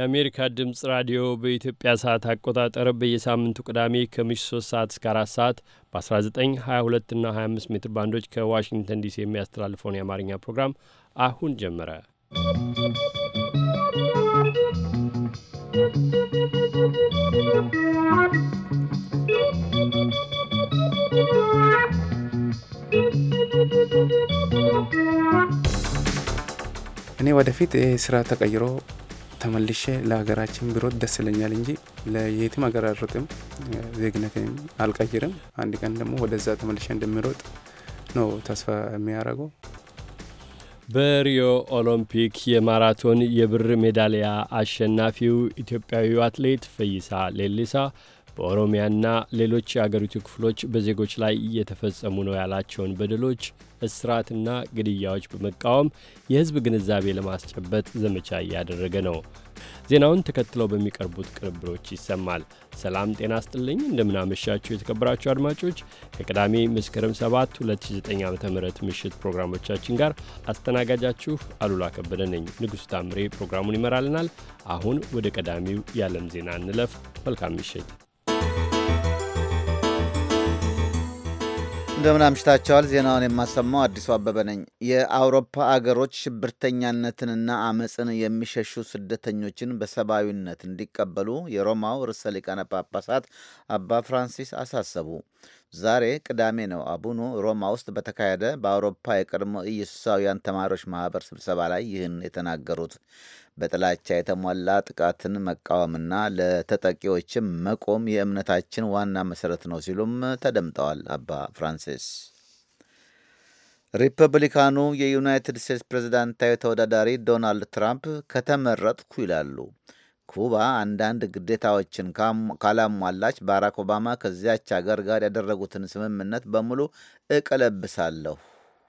የአሜሪካ ድምፅ ራዲዮ በኢትዮጵያ ሰዓት አቆጣጠር በየሳምንቱ ቅዳሜ ከምሽ 3 ሰዓት እስከ 4 ሰዓት በ1922 እና 25 ሜትር ባንዶች ከዋሽንግተን ዲሲ የሚያስተላልፈውን የአማርኛ ፕሮግራም አሁን ጀመረ። እኔ ወደፊት ይህ ስራ ተቀይሮ ተመልሼ ለሀገራችን ብሮት ደስ ይለኛል እንጂ ለየትም ሀገር አልሮጥም፣ ዜግነትም አልቀይርም። አንድ ቀን ደግሞ ወደዛ ተመልሼ እንደሚሮጥ ነው ተስፋ የሚያደርገው። በሪዮ ኦሎምፒክ የማራቶን የብር ሜዳሊያ አሸናፊው ኢትዮጵያዊው አትሌት ፈይሳ ሌሊሳ በኦሮሚያና ሌሎች የአገሪቱ ክፍሎች በዜጎች ላይ እየተፈጸሙ ነው ያላቸውን በደሎች እስራትና ግድያዎች በመቃወም የህዝብ ግንዛቤ ለማስጨበጥ ዘመቻ እያደረገ ነው። ዜናውን ተከትለው በሚቀርቡት ቅንብሮች ይሰማል። ሰላም ጤና ስጥልኝ። እንደምናመሻችሁ የተከበራችሁ አድማጮች ከቅዳሜ መስከረም 7 2009 ዓ ም ምሽት ፕሮግራሞቻችን ጋር አስተናጋጃችሁ አሉላ ከበደ ነኝ። ንጉሥ ታምሬ ፕሮግራሙን ይመራልናል። አሁን ወደ ቀዳሚው የዓለም ዜና እንለፍ። መልካም ምሽት። እንደምን አምሽታቸዋል። ዜናውን የማሰማው አዲሱ አበበ ነኝ። የአውሮፓ አገሮች ሽብርተኛነትንና አመፅን የሚሸሹ ስደተኞችን በሰብአዊነት እንዲቀበሉ የሮማው ርዕሰ ሊቃነ ጳጳሳት አባ ፍራንሲስ አሳሰቡ። ዛሬ ቅዳሜ ነው አቡኑ ሮማ ውስጥ በተካሄደ በአውሮፓ የቀድሞ ኢየሱሳውያን ተማሪዎች ማህበር ስብሰባ ላይ ይህን የተናገሩት። በጥላቻ የተሟላ ጥቃትን መቃወምና ለተጠቂዎችም መቆም የእምነታችን ዋና መሠረት ነው ሲሉም ተደምጠዋል አባ ፍራንሲስ። ሪፐብሊካኑ የዩናይትድ ስቴትስ ፕሬዝዳንታዊ ተወዳዳሪ ዶናልድ ትራምፕ ከተመረጥኩ ይላሉ ኩባ አንዳንድ ግዴታዎችን ካላሟላች ባራክ ኦባማ ከዚያች አገር ጋር ያደረጉትን ስምምነት በሙሉ እቀለብሳለሁ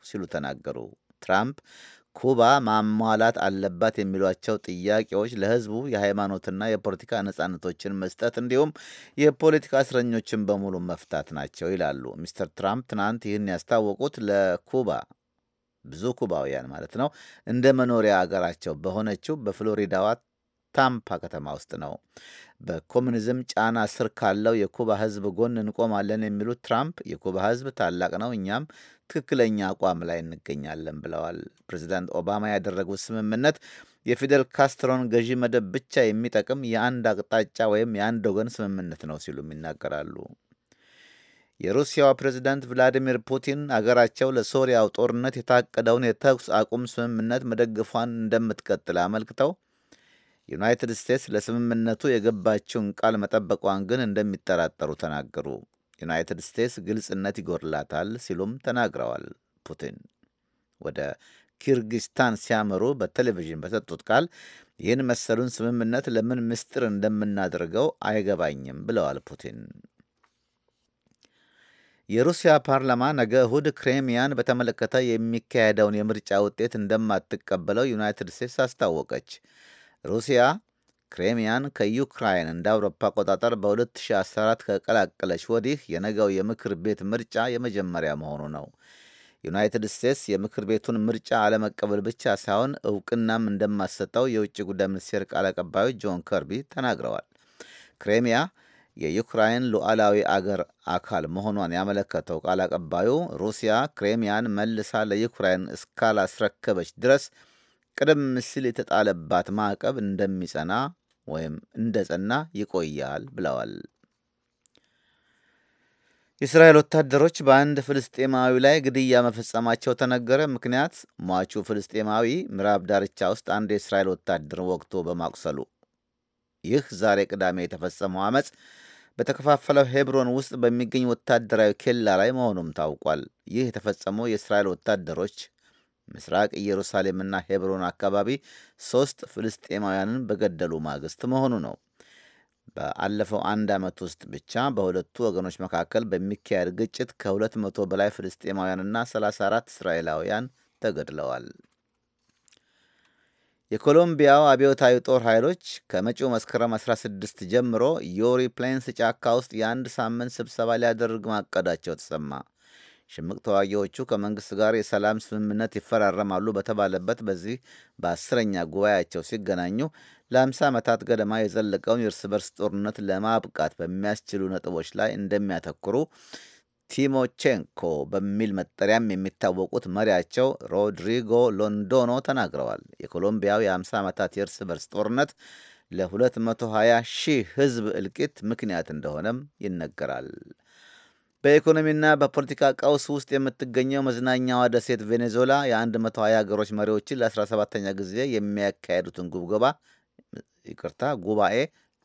ሲሉ ተናገሩ። ትራምፕ ኩባ ማሟላት አለባት የሚሏቸው ጥያቄዎች ለህዝቡ የሃይማኖትና የፖለቲካ ነጻነቶችን መስጠት እንዲሁም የፖለቲካ እስረኞችን በሙሉ መፍታት ናቸው ይላሉ ሚስተር ትራምፕ። ትናንት ይህን ያስታወቁት ለኩባ ብዙ ኩባውያን ማለት ነው እንደ መኖሪያ አገራቸው በሆነችው በፍሎሪዳዋ ታምፓ ከተማ ውስጥ ነው። በኮሚኒዝም ጫና ስር ካለው የኩባ ሕዝብ ጎን እንቆማለን የሚሉት ትራምፕ የኩባ ሕዝብ ታላቅ ነው፣ እኛም ትክክለኛ አቋም ላይ እንገኛለን ብለዋል። ፕሬዚዳንት ኦባማ ያደረጉት ስምምነት የፊደል ካስትሮን ገዢ መደብ ብቻ የሚጠቅም የአንድ አቅጣጫ ወይም የአንድ ወገን ስምምነት ነው ሲሉም ይናገራሉ። የሩሲያዋ ፕሬዚዳንት ቭላዲሚር ፑቲን አገራቸው ለሶሪያው ጦርነት የታቀደውን የተኩስ አቁም ስምምነት መደግፏን እንደምትቀጥል አመልክተው ዩናይትድ ስቴትስ ለስምምነቱ የገባችውን ቃል መጠበቋን ግን እንደሚጠራጠሩ ተናገሩ። ዩናይትድ ስቴትስ ግልጽነት ይጎድላታል ሲሉም ተናግረዋል። ፑቲን ወደ ኪርጊስታን ሲያመሩ በቴሌቪዥን በሰጡት ቃል ይህን መሰሉን ስምምነት ለምን ምስጢር እንደምናደርገው አይገባኝም ብለዋል ፑቲን። የሩሲያ ፓርላማ ነገ እሁድ ክሬሚያን በተመለከተ የሚካሄደውን የምርጫ ውጤት እንደማትቀበለው ዩናይትድ ስቴትስ አስታወቀች። ሩሲያ ክሬሚያን ከዩክራይን እንደ አውሮፓ አቆጣጠር በ2014 ከቀላቀለች ወዲህ የነገው የምክር ቤት ምርጫ የመጀመሪያ መሆኑ ነው። ዩናይትድ ስቴትስ የምክር ቤቱን ምርጫ አለመቀበል ብቻ ሳይሆን እውቅናም እንደማሰጠው የውጭ ጉዳይ ሚኒስቴር ቃል አቀባዩ ጆን ከርቢ ተናግረዋል። ክሬሚያ የዩክራይን ሉዓላዊ አገር አካል መሆኗን ያመለከተው ቃል አቀባዩ ሩሲያ ክሬሚያን መልሳ ለዩክራይን እስካላስረከበች ድረስ ቅደም ሲል የተጣለባት ማዕቀብ እንደሚጸና ወይም እንደጸና ይቆያል ብለዋል። የእስራኤል ወታደሮች በአንድ ፍልስጤማዊ ላይ ግድያ መፈጸማቸው ተነገረ። ምክንያት ሟቹ ፍልስጤማዊ ምዕራብ ዳርቻ ውስጥ አንድ የእስራኤል ወታደር ወቅቶ በማቁሰሉ። ይህ ዛሬ ቅዳሜ የተፈጸመው ዓመፅ በተከፋፈለው ሄብሮን ውስጥ በሚገኝ ወታደራዊ ኬላ ላይ መሆኑም ታውቋል። ይህ የተፈጸመው የእስራኤል ወታደሮች ምስራቅ ኢየሩሳሌምና ሄብሮን አካባቢ ሦስት ፍልስጤማውያንን በገደሉ ማግስት መሆኑ ነው። በአለፈው አንድ ዓመት ውስጥ ብቻ በሁለቱ ወገኖች መካከል በሚካሄድ ግጭት ከ200 በላይ ፍልስጤማውያንና 34 እስራኤላውያን ተገድለዋል። የኮሎምቢያው አብዮታዊ ጦር ኃይሎች ከመጪው መስከረም 16 ጀምሮ ዮሪ ፕሌንስ ጫካ ውስጥ የአንድ ሳምንት ስብሰባ ሊያደርግ ማቀዳቸው ተሰማ። ሽምቅ ተዋጊዎቹ ከመንግስት ጋር የሰላም ስምምነት ይፈራረማሉ በተባለበት በዚህ በአስረኛ ጉባኤያቸው ሲገናኙ ለ50 ዓመታት ገደማ የዘለቀውን የእርስ በርስ ጦርነት ለማብቃት በሚያስችሉ ነጥቦች ላይ እንደሚያተኩሩ ቲሞቼንኮ በሚል መጠሪያም የሚታወቁት መሪያቸው ሮድሪጎ ሎንዶኖ ተናግረዋል። የኮሎምቢያው የ50 ዓመታት የእርስ በርስ ጦርነት ለ220 ሺህ ሕዝብ እልቂት ምክንያት እንደሆነም ይነገራል። በኢኮኖሚና በፖለቲካ ቀውስ ውስጥ የምትገኘው መዝናኛዋ ደሴት ቬኔዙዌላ የ120 ሀገሮች መሪዎችን ለ17ኛ ጊዜ የሚያካሄዱትን ጉብጎባ ይቅርታ ጉባኤ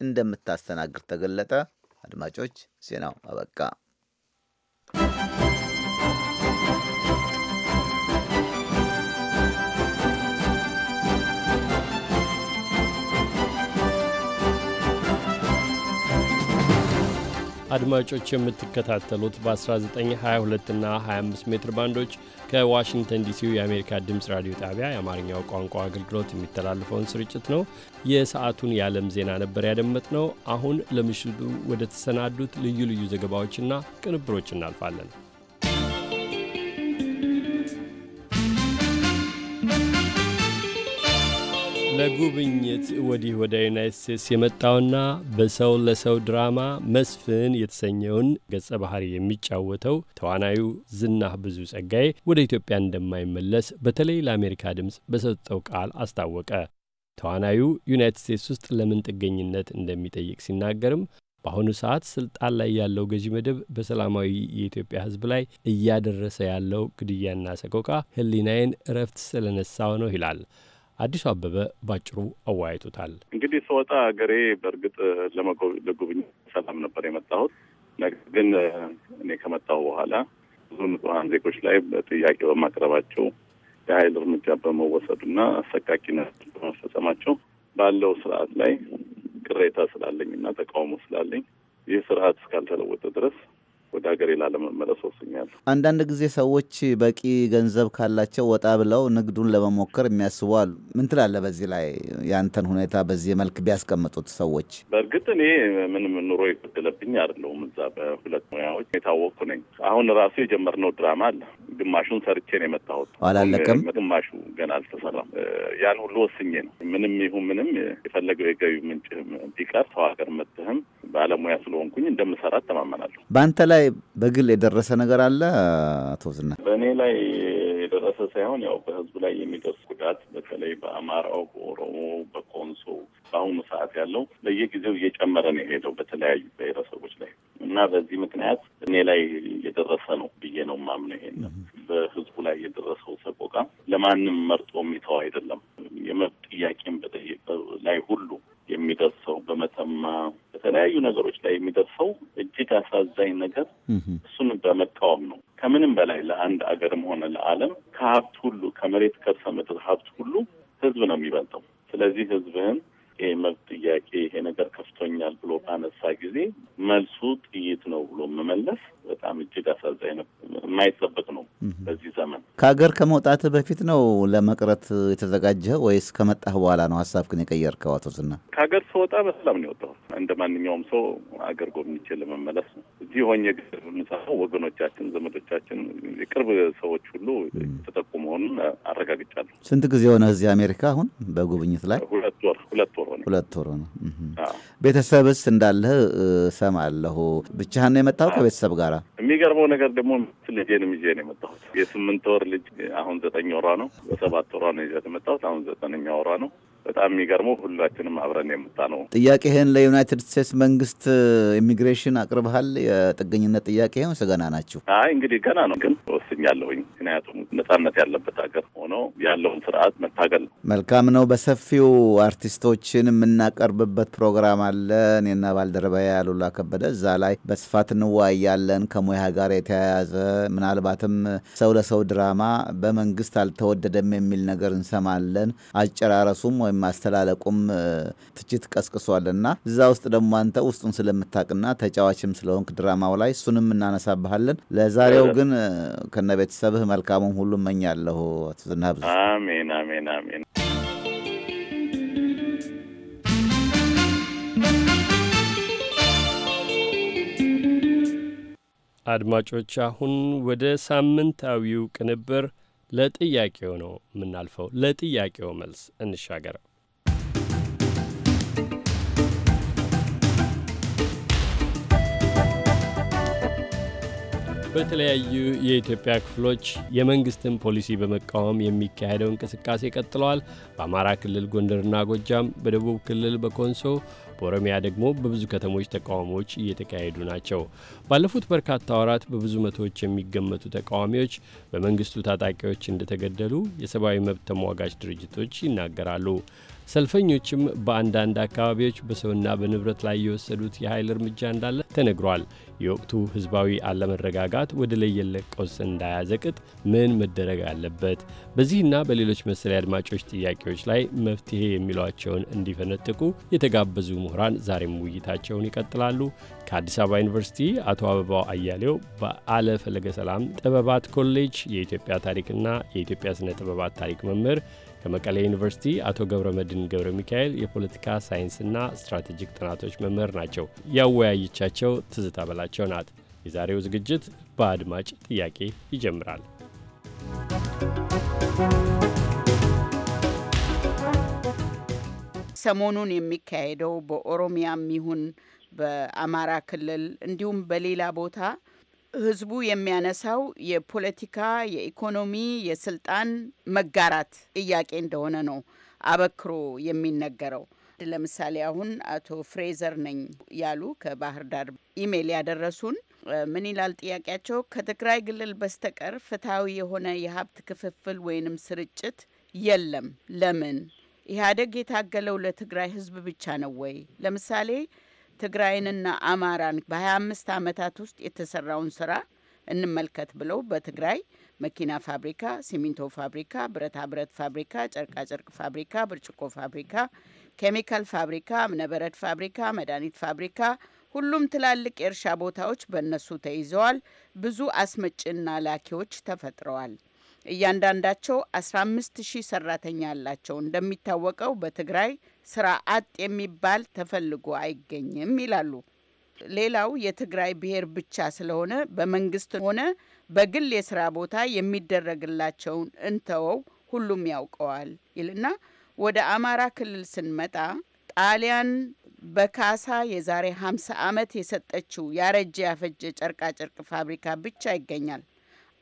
እንደምታስተናግድ ተገለጠ። አድማጮች ዜናው አበቃ። አድማጮች የምትከታተሉት በ1922 እና 25 ሜትር ባንዶች ከዋሽንግተን ዲሲው የአሜሪካ ድምፅ ራዲዮ ጣቢያ የአማርኛው ቋንቋ አገልግሎት የሚተላለፈውን ስርጭት ነው። የሰዓቱን የዓለም ዜና ነበር ያደመጥ ነው አሁን ለምሽቱ ወደ ተሰናዱት ልዩ ልዩ ዘገባዎችና ቅንብሮች እናልፋለን። ለጉብኝት ወዲህ ወደ ዩናይት ስቴትስ የመጣውና በሰው ለሰው ድራማ መስፍን የተሰኘውን ገጸ ባህሪ የሚጫወተው ተዋናዩ ዝናህ ብዙ ጸጋዬ ወደ ኢትዮጵያ እንደማይመለስ በተለይ ለአሜሪካ ድምፅ በሰጠው ቃል አስታወቀ። ተዋናዩ ዩናይት ስቴትስ ውስጥ ለምን ጥገኝነት እንደሚጠይቅ ሲናገርም በአሁኑ ሰዓት ስልጣን ላይ ያለው ገዢ መደብ በሰላማዊ የኢትዮጵያ ሕዝብ ላይ እያደረሰ ያለው ግድያና ሰቆቃ ሕሊናዬን እረፍት ስለነሳው ነው ይላል። አዲሱ አበበ ባጭሩ አወያይቶታል። እንግዲህ ስወጣ ሀገሬ በእርግጥ ለጉብኝት ሰላም ነበር የመጣሁት። ነገር ግን እኔ ከመጣሁ በኋላ ብዙ ንጹሐን ዜጎች ላይ ጥያቄ በማቅረባቸው የኃይል እርምጃ በመወሰዱና አሰቃቂ ነገር በመፈጸማቸው ባለው ስርዓት ላይ ቅሬታ ስላለኝ እና ተቃውሞ ስላለኝ ይህ ስርዓት እስካልተለወጠ ድረስ ወደ ሀገሬ ላለመመለስ ወስኛለሁ። አንዳንድ ጊዜ ሰዎች በቂ ገንዘብ ካላቸው ወጣ ብለው ንግዱን ለመሞከር የሚያስቡ አሉ። ምን ትላለህ በዚህ ላይ? ያንተን ሁኔታ በዚህ መልክ ቢያስቀምጡት ሰዎች። በእርግጥ እኔ ምንም ኑሮ የበደለብኝ አይደለሁም። እዛ በሁለት ሙያዎች የታወቅኩ ነኝ። አሁን ራሱ የጀመርነው ድራማ አለ። ግማሹን ሰርቼ ነው የመጣሁት። አላለቀም፣ ግማሹ ገና አልተሰራም። ያን ሁሉ ወስኜ ነው ምንም ይሁን ምንም የፈለገው የገቢ ምንጭ ቢቀር ሰው ሀገር መጥተህም ባለሙያ ስለሆንኩኝ እንደምሰራ እተማመናለሁ። በአንተ ላይ በግል የደረሰ ነገር አለ አቶ ዝና? በእኔ ላይ የደረሰ ሳይሆን ያው በህዝቡ ላይ የሚደርስ ጉዳት በተለይ በአማራው፣ በኦሮሞ፣ በኮንሶ በአሁኑ ሰዓት ያለው በየጊዜው እየጨመረ ነው የሄደው በተለያዩ ብሔረሰቦች ላይ እና በዚህ ምክንያት እኔ ላይ የደረሰ ነው ብዬ ነው የማምነው። ይሄን በህዝቡ ላይ የደረሰው ሰቆቃ ለማንም መርጦ የሚተው አይደለም። የመብት ጥያቄን በጠየቀ ላይ ሁሉ የሚደርሰው በመተማ በተለያዩ ነገሮች ላይ የሚደርሰው እጅግ አሳዛኝ ነገር እሱን በመቃወም ነው። ከምንም በላይ ለአንድ አገርም ሆነ ለዓለም ከሀብት ሁሉ ከመሬት ከርሰ ምድር ሀብት ሁሉ ህዝብ ነው የሚበልጠው። ስለዚህ ህዝብህን ይሄ መብት ጥያቄ ይሄ ነገር ከፍቶኛል ብሎ ባነሳ ጊዜ መልሱ ጥይት ነው ብሎ መመለስ በጣም እጅግ አሳዛኝ ነው፣ የማይጠበቅ ነው በዚህ ዘመን። ከሀገር ከመውጣት በፊት ነው ለመቅረት የተዘጋጀ ወይስ ከመጣህ በኋላ ነው ሀሳብ ግን የቀየርከው? አቶ ዝና ከሀገር ስወጣ በሰላም ነው የወጣው። ማንኛውም ሰው አገር ጎብኝቼ ለመመለስ ነው። እዚህ ሆኜ የምሰራው ወገኖቻችን፣ ዘመዶቻችን፣ የቅርብ ሰዎች ሁሉ የተጠቁ መሆኑን አረጋግጫለሁ። ስንት ጊዜ ሆነ እዚህ አሜሪካ አሁን በጉብኝት ላይ? ሁለት ወር ሁለት ወር ሆነ ሁለት ወር ሆነ። ቤተሰብስ እንዳለህ እሰማለሁ። ብቻህን ነው የመጣው ከቤተሰብ ጋራ? የሚገርመው ነገር ደግሞ ልጄን ይዤ ነው የመጣሁት። የስምንት ወር ልጅ አሁን ዘጠኝ ወሯ ነው። በሰባት ወሯ ነው ይዘት የመጣሁት። አሁን ዘጠነኛ ወሯ ነው። በጣም የሚገርመው ሁላችንም አብረን የመጣ ነው። ጥያቄህን ለዩናይትድ ስቴትስ መንግስት ኢሚግሬሽን አቅርበሃል? የጥገኝነት ጥያቄ ይሁን ስገና ናችሁ? አይ እንግዲህ ገና ነው፣ ግን ወስኛለሁኝ። ምክንያቱም ነጻነት ያለበት ሀገር ሆኖ ያለውን ስርዓት መታገል ነው። መልካም ነው። በሰፊው አርቲስቶችን የምናቀርብበት ፕሮግራም አለ። እኔና ባልደረባዬ አሉላ ከበደ እዛ ላይ በስፋት እንወያያለን። ከሙያ ጋር የተያያዘ ምናልባትም ሰው ለሰው ድራማ በመንግስት አልተወደደም የሚል ነገር እንሰማለን። አጨራረሱም ወይም ማስተላለቁም ትችት ቀስቅሷልና እዛ ውስጥ ደግሞ አንተ ውስጡን ስለምታውቅና ተጫዋችም ስለሆንክ ድራማው ላይ እሱንም እናነሳብሃለን። ለዛሬው ግን ከነ ቤተሰብህ መልካሙን ሁሉ እመኛለሁ። አቶ ዝናብ አሜን፣ አሜን፣ አሜን። አድማጮች አሁን ወደ ሳምንታዊው ቅንብር ለጥያቄው ነው የምናልፈው። ለጥያቄው መልስ እንሻገር። በተለያዩ የኢትዮጵያ ክፍሎች የመንግስትን ፖሊሲ በመቃወም የሚካሄደው እንቅስቃሴ ቀጥለዋል። በአማራ ክልል ጎንደርና ጎጃም፣ በደቡብ ክልል በኮንሶ፣ በኦሮሚያ ደግሞ በብዙ ከተሞች ተቃዋሚዎች እየተካሄዱ ናቸው። ባለፉት በርካታ ወራት በብዙ መቶዎች የሚገመቱ ተቃዋሚዎች በመንግስቱ ታጣቂዎች እንደተገደሉ የሰብአዊ መብት ተሟጋች ድርጅቶች ይናገራሉ። ሰልፈኞችም በአንዳንድ አካባቢዎች በሰውና በንብረት ላይ የወሰዱት የኃይል እርምጃ እንዳለ ተነግሯል። የወቅቱ ሕዝባዊ አለመረጋጋት ወደ ለየለ ቀውስ እንዳያዘቅጥ ምን መደረግ አለበት? በዚህና በሌሎች መሰል አድማጮች ጥያቄዎች ላይ መፍትሄ የሚሏቸውን እንዲፈነጥቁ የተጋበዙ ምሁራን ዛሬም ውይይታቸውን ይቀጥላሉ። ከአዲስ አበባ ዩኒቨርሲቲ አቶ አበባው አያሌው በአለ ፈለገ ሰላም ጥበባት ኮሌጅ የኢትዮጵያ ታሪክና የኢትዮጵያ ስነ ጥበባት ታሪክ መምህር ከመቀሌ ዩኒቨርሲቲ አቶ ገብረ መድን ገብረ ሚካኤል የፖለቲካ ሳይንስና ስትራቴጂክ ጥናቶች መምህር ናቸው። ያወያየቻቸው ትዝታ በላቸው ናት። የዛሬው ዝግጅት በአድማጭ ጥያቄ ይጀምራል። ሰሞኑን የሚካሄደው በኦሮሚያም ይሁን በአማራ ክልል እንዲሁም በሌላ ቦታ ህዝቡ የሚያነሳው የፖለቲካ፣ የኢኮኖሚ፣ የስልጣን መጋራት ጥያቄ እንደሆነ ነው አበክሮ የሚነገረው። ለምሳሌ አሁን አቶ ፍሬዘር ነኝ ያሉ ከባህር ዳር ኢሜይል ያደረሱን ምን ይላል ጥያቄያቸው? ከትግራይ ክልል በስተቀር ፍትሐዊ የሆነ የሀብት ክፍፍል ወይንም ስርጭት የለም። ለምን ኢህአዴግ የታገለው ለትግራይ ህዝብ ብቻ ነው ወይ? ለምሳሌ ትግራይንና አማራን በ25 ዓመታት ውስጥ የተሰራውን ስራ እንመልከት ብለው በትግራይ መኪና ፋብሪካ፣ ሲሚንቶ ፋብሪካ፣ ብረታ ብረት ፋብሪካ፣ ጨርቃጨርቅ ፋብሪካ፣ ብርጭቆ ፋብሪካ፣ ኬሚካል ፋብሪካ፣ እብነበረድ ፋብሪካ፣ መድኃኒት ፋብሪካ፣ ሁሉም ትላልቅ የእርሻ ቦታዎች በእነሱ ተይዘዋል። ብዙ አስመጭና ላኪዎች ተፈጥረዋል። እያንዳንዳቸው 15 ሺህ ሰራተኛ አላቸው። እንደሚታወቀው በትግራይ ስራ አጥ የሚባል ተፈልጎ አይገኝም ይላሉ። ሌላው የትግራይ ብሔር ብቻ ስለሆነ በመንግስት ሆነ በግል የስራ ቦታ የሚደረግላቸውን እንተወው ሁሉም ያውቀዋል ይልና ወደ አማራ ክልል ስንመጣ ጣሊያን በካሳ የዛሬ 50 ዓመት የሰጠችው ያረጀ ያፈጀ ጨርቃጨርቅ ፋብሪካ ብቻ ይገኛል።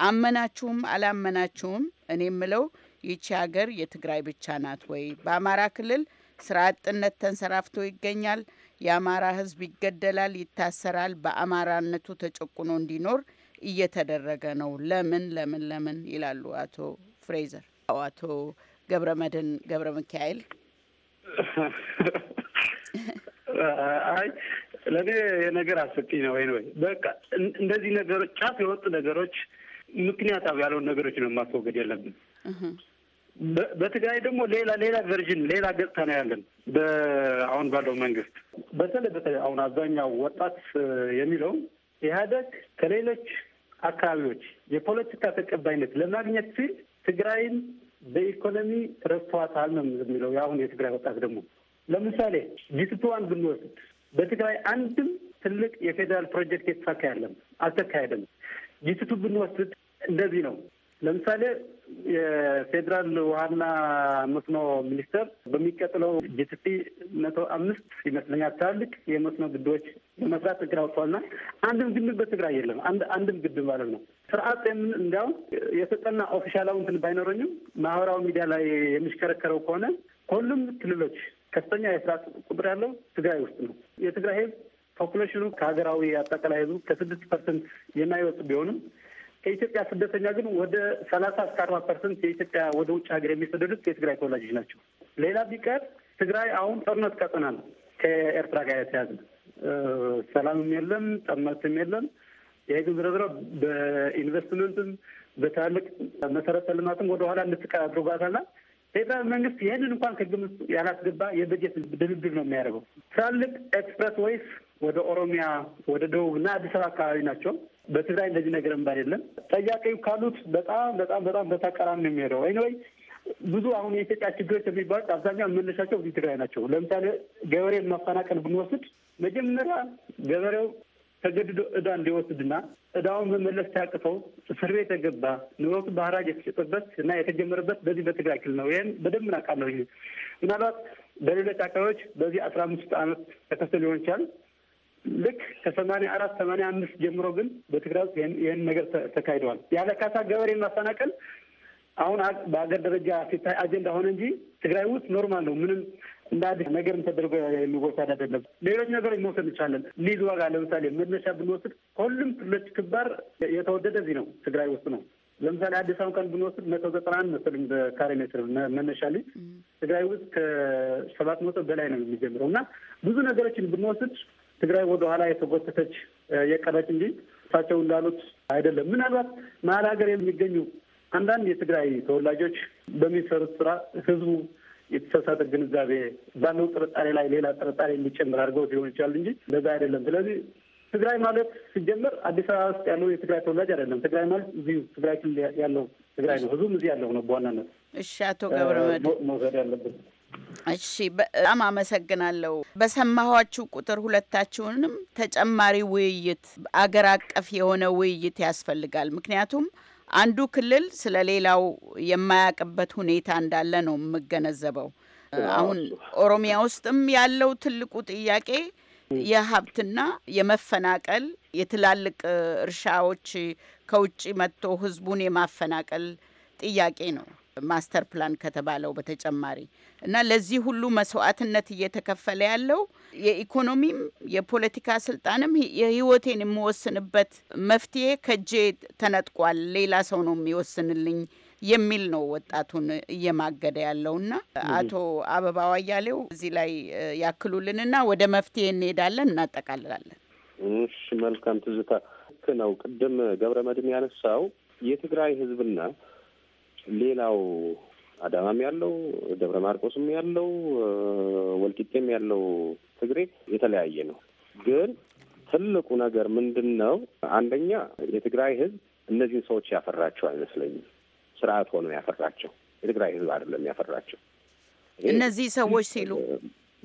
አመናችሁም አላመናችሁም እኔ ምለው ይቺ ሀገር የትግራይ ብቻ ናት ወይ? በአማራ ክልል ስራ አጥነት ተንሰራፍቶ ይገኛል። የአማራ ህዝብ ይገደላል፣ ይታሰራል። በአማራነቱ ተጨቁኖ እንዲኖር እየተደረገ ነው። ለምን ለምን ለምን ይላሉ አቶ ፍሬዘር። አቶ ገብረ ገብረ ሚካኤል አይ ለእኔ የነገር አስቂኝ ነው ወይ ወይ በቃ እንደዚህ ነገሮች ጫፍ የወጡ ነገሮች ምክንያታዊ ያለውን ነገሮች ነው ማስወገድ የለብን በትግራይ ደግሞ ሌላ ሌላ ቨርዥን ሌላ ገጽታ ነው ያለን በአሁን ባለው መንግስት። በተለይ በተለይ አሁን አብዛኛው ወጣት የሚለው ኢህአደግ ከሌሎች አካባቢዎች የፖለቲካ ተቀባይነት ለማግኘት ሲል ትግራይን በኢኮኖሚ ረድቷታል ነው የሚለው የአሁን የትግራይ ወጣት ደግሞ። ለምሳሌ ጂትቱዋን ብንወስድ በትግራይ አንድም ትልቅ የፌዴራል ፕሮጀክት የተሳካ ያለም አልተካሄደም። ጂትቱ ብንወስድ እንደዚህ ነው። ለምሳሌ የፌዴራል ውሃና መስኖ ሚኒስቴር በሚቀጥለው ጂቲፒ መቶ አምስት ይመስለኛል ትላልቅ የመስኖ ግድቦች በመስራት እቅድ አውጥቷልና አንድም ግድብ በትግራይ የለም። አንድም ግድብ ማለት ነው። ስርአት እንዲያውም የተጠና ኦፊሻል እንትን ባይኖረኝም ማህበራዊ ሚዲያ ላይ የሚሽከረከረው ከሆነ ከሁሉም ክልሎች ከፍተኛ የስርአት ቁጥር ያለው ትግራይ ውስጥ ነው። የትግራይ ህዝብ ፖፑሌሽኑ ከሀገራዊ አጠቃላይ ህዝቡ ከስድስት ፐርሰንት የማይወጡ ቢሆንም ከኢትዮጵያ ስደተኛ ግን ወደ ሰላሳ እስከ አርባ ፐርሰንት የኢትዮጵያ ወደ ውጭ ሀገር የሚሰደዱት የትግራይ ተወላጆች ናቸው። ሌላ ቢቀር ትግራይ አሁን ጦርነት ቀጠና ነው። ከኤርትራ ጋር የተያዘ ሰላምም የለም፣ ጦርነትም የለም። ይሄ ግን ዝረዝረ በኢንቨስትመንትም በትላልቅ መሰረተ ልማትም ወደኋላ እንድትቀር አድርጓታልና ፌዴራል መንግስት ይህንን እንኳን ከግምት ያላስገባ የበጀት ድልድል ነው የሚያደርገው ትላልቅ ኤክስፕረስ ወይስ ወደ ኦሮሚያ፣ ወደ ደቡብ እና አዲስ አበባ አካባቢ ናቸው። በትግራይ እንደዚህ ነገር እምባል የለም። ጠያቂው ካሉት በጣም በጣም በጣም በተቃራኒ ነው የሚሄደው። ወይ ብዙ አሁን የኢትዮጵያ ችግሮች የሚባሉት አብዛኛው መነሻቸው እዚህ ትግራይ ናቸው። ለምሳሌ ገበሬን ማፈናቀል ብንወስድ መጀመሪያ ገበሬው ተገድዶ ዕዳ እንዲወስድና እዳውን መመለስ ሲያቅተው እስር ቤት የገባ ንብረቱ ባህራጅ የተሸጠበት እና የተጀመረበት በዚህ በትግራይ ክልል ነው። ይህን በደንብ አውቃለሁ። ምናልባት በሌሎች አካባቢዎች በዚህ አስራ አምስት ዓመት ተከሰ ሊሆን ይችላል። ልክ ከሰማንያ አራት ሰማንያ አምስት ጀምሮ ግን በትግራይ ውስጥ ይህን ነገር ተካሂደዋል። ያለ ካሳ ገበሬን ማፈናቀል አሁን በሀገር ደረጃ ሲታይ አጀንዳ ሆነ እንጂ ትግራይ ውስጥ ኖርማል ነው። ምንም እንደ አዲስ ነገርም ተደርጎ የሚወሰድ አይደለም። ሌሎች ነገሮች መውሰድ እንችላለን። ሊዝ ዋጋ ለምሳሌ መነሻ ብንወስድ ከሁሉም ክልሎች ክባር የተወደደ እዚህ ነው፣ ትግራይ ውስጥ ነው። ለምሳሌ አዲስ አበባ ቀን ብንወስድ መቶ ዘጠና አንድ መሰለኝ በካሬ ሜትር መነሻ ልጅ ትግራይ ውስጥ ከሰባት መቶ በላይ ነው የሚጀምረው እና ብዙ ነገሮችን ብንወስድ ትግራይ ወደኋላ የተጎተተች የቀረች እንጂ እሳቸው እንዳሉት አይደለም። ምናልባት መሀል ሀገር የሚገኙ አንዳንድ የትግራይ ተወላጆች በሚሰሩት ስራ ህዝቡ የተሳሳተ ግንዛቤ ባለው ጥርጣሬ ላይ ሌላ ጥርጣሬ እንዲጨምር አድርገው ሊሆን ይችላል እንጂ በዛ አይደለም። ስለዚህ ትግራይ ማለት ሲጀመር አዲስ አበባ ውስጥ ያለው የትግራይ ተወላጅ አይደለም። ትግራይ ማለት እዚሁ ትግራይ ክልል ያለው ትግራይ ነው። ህዝቡም እዚህ ያለው ነው በዋናነት። እሺ፣ አቶ ገብረ መውሰድ ያለብን እሺ በጣም አመሰግናለሁ። በሰማኋችሁ ቁጥር ሁለታችሁንም ተጨማሪ ውይይት፣ አገር አቀፍ የሆነ ውይይት ያስፈልጋል። ምክንያቱም አንዱ ክልል ስለ ሌላው የማያውቅበት ሁኔታ እንዳለ ነው የምገነዘበው። አሁን ኦሮሚያ ውስጥም ያለው ትልቁ ጥያቄ የሀብትና የመፈናቀል የትላልቅ እርሻዎች ከውጭ መጥቶ ህዝቡን የማፈናቀል ጥያቄ ነው። ማስተር ፕላን ከተባለው በተጨማሪ እና ለዚህ ሁሉ መስዋዕትነት እየተከፈለ ያለው የኢኮኖሚም የፖለቲካ ስልጣንም የህይወቴን የምወስንበት መፍትሄ ከእጄ ተነጥቋል፣ ሌላ ሰው ነው የሚወስንልኝ የሚል ነው ወጣቱን እየማገደ ያለውና አቶ አበባው አያሌው እዚህ ላይ ያክሉልንና ወደ መፍትሄ እንሄዳለን፣ እናጠቃልላለን። እሺ፣ መልካም ትዝታ ነው። ቅድም ገብረ መድን ያነሳው የትግራይ ህዝብና ሌላው አዳማም ያለው ደብረ ማርቆስም ያለው ወልቂጤም ያለው ትግሬ የተለያየ ነው። ግን ትልቁ ነገር ምንድን ነው? አንደኛ የትግራይ ህዝብ እነዚህን ሰዎች ያፈራቸው አይመስለኝም። ስርዓት ሆኖ ያፈራቸው የትግራይ ህዝብ አይደለም ያፈራቸው። እነዚህ ሰዎች ሲሉ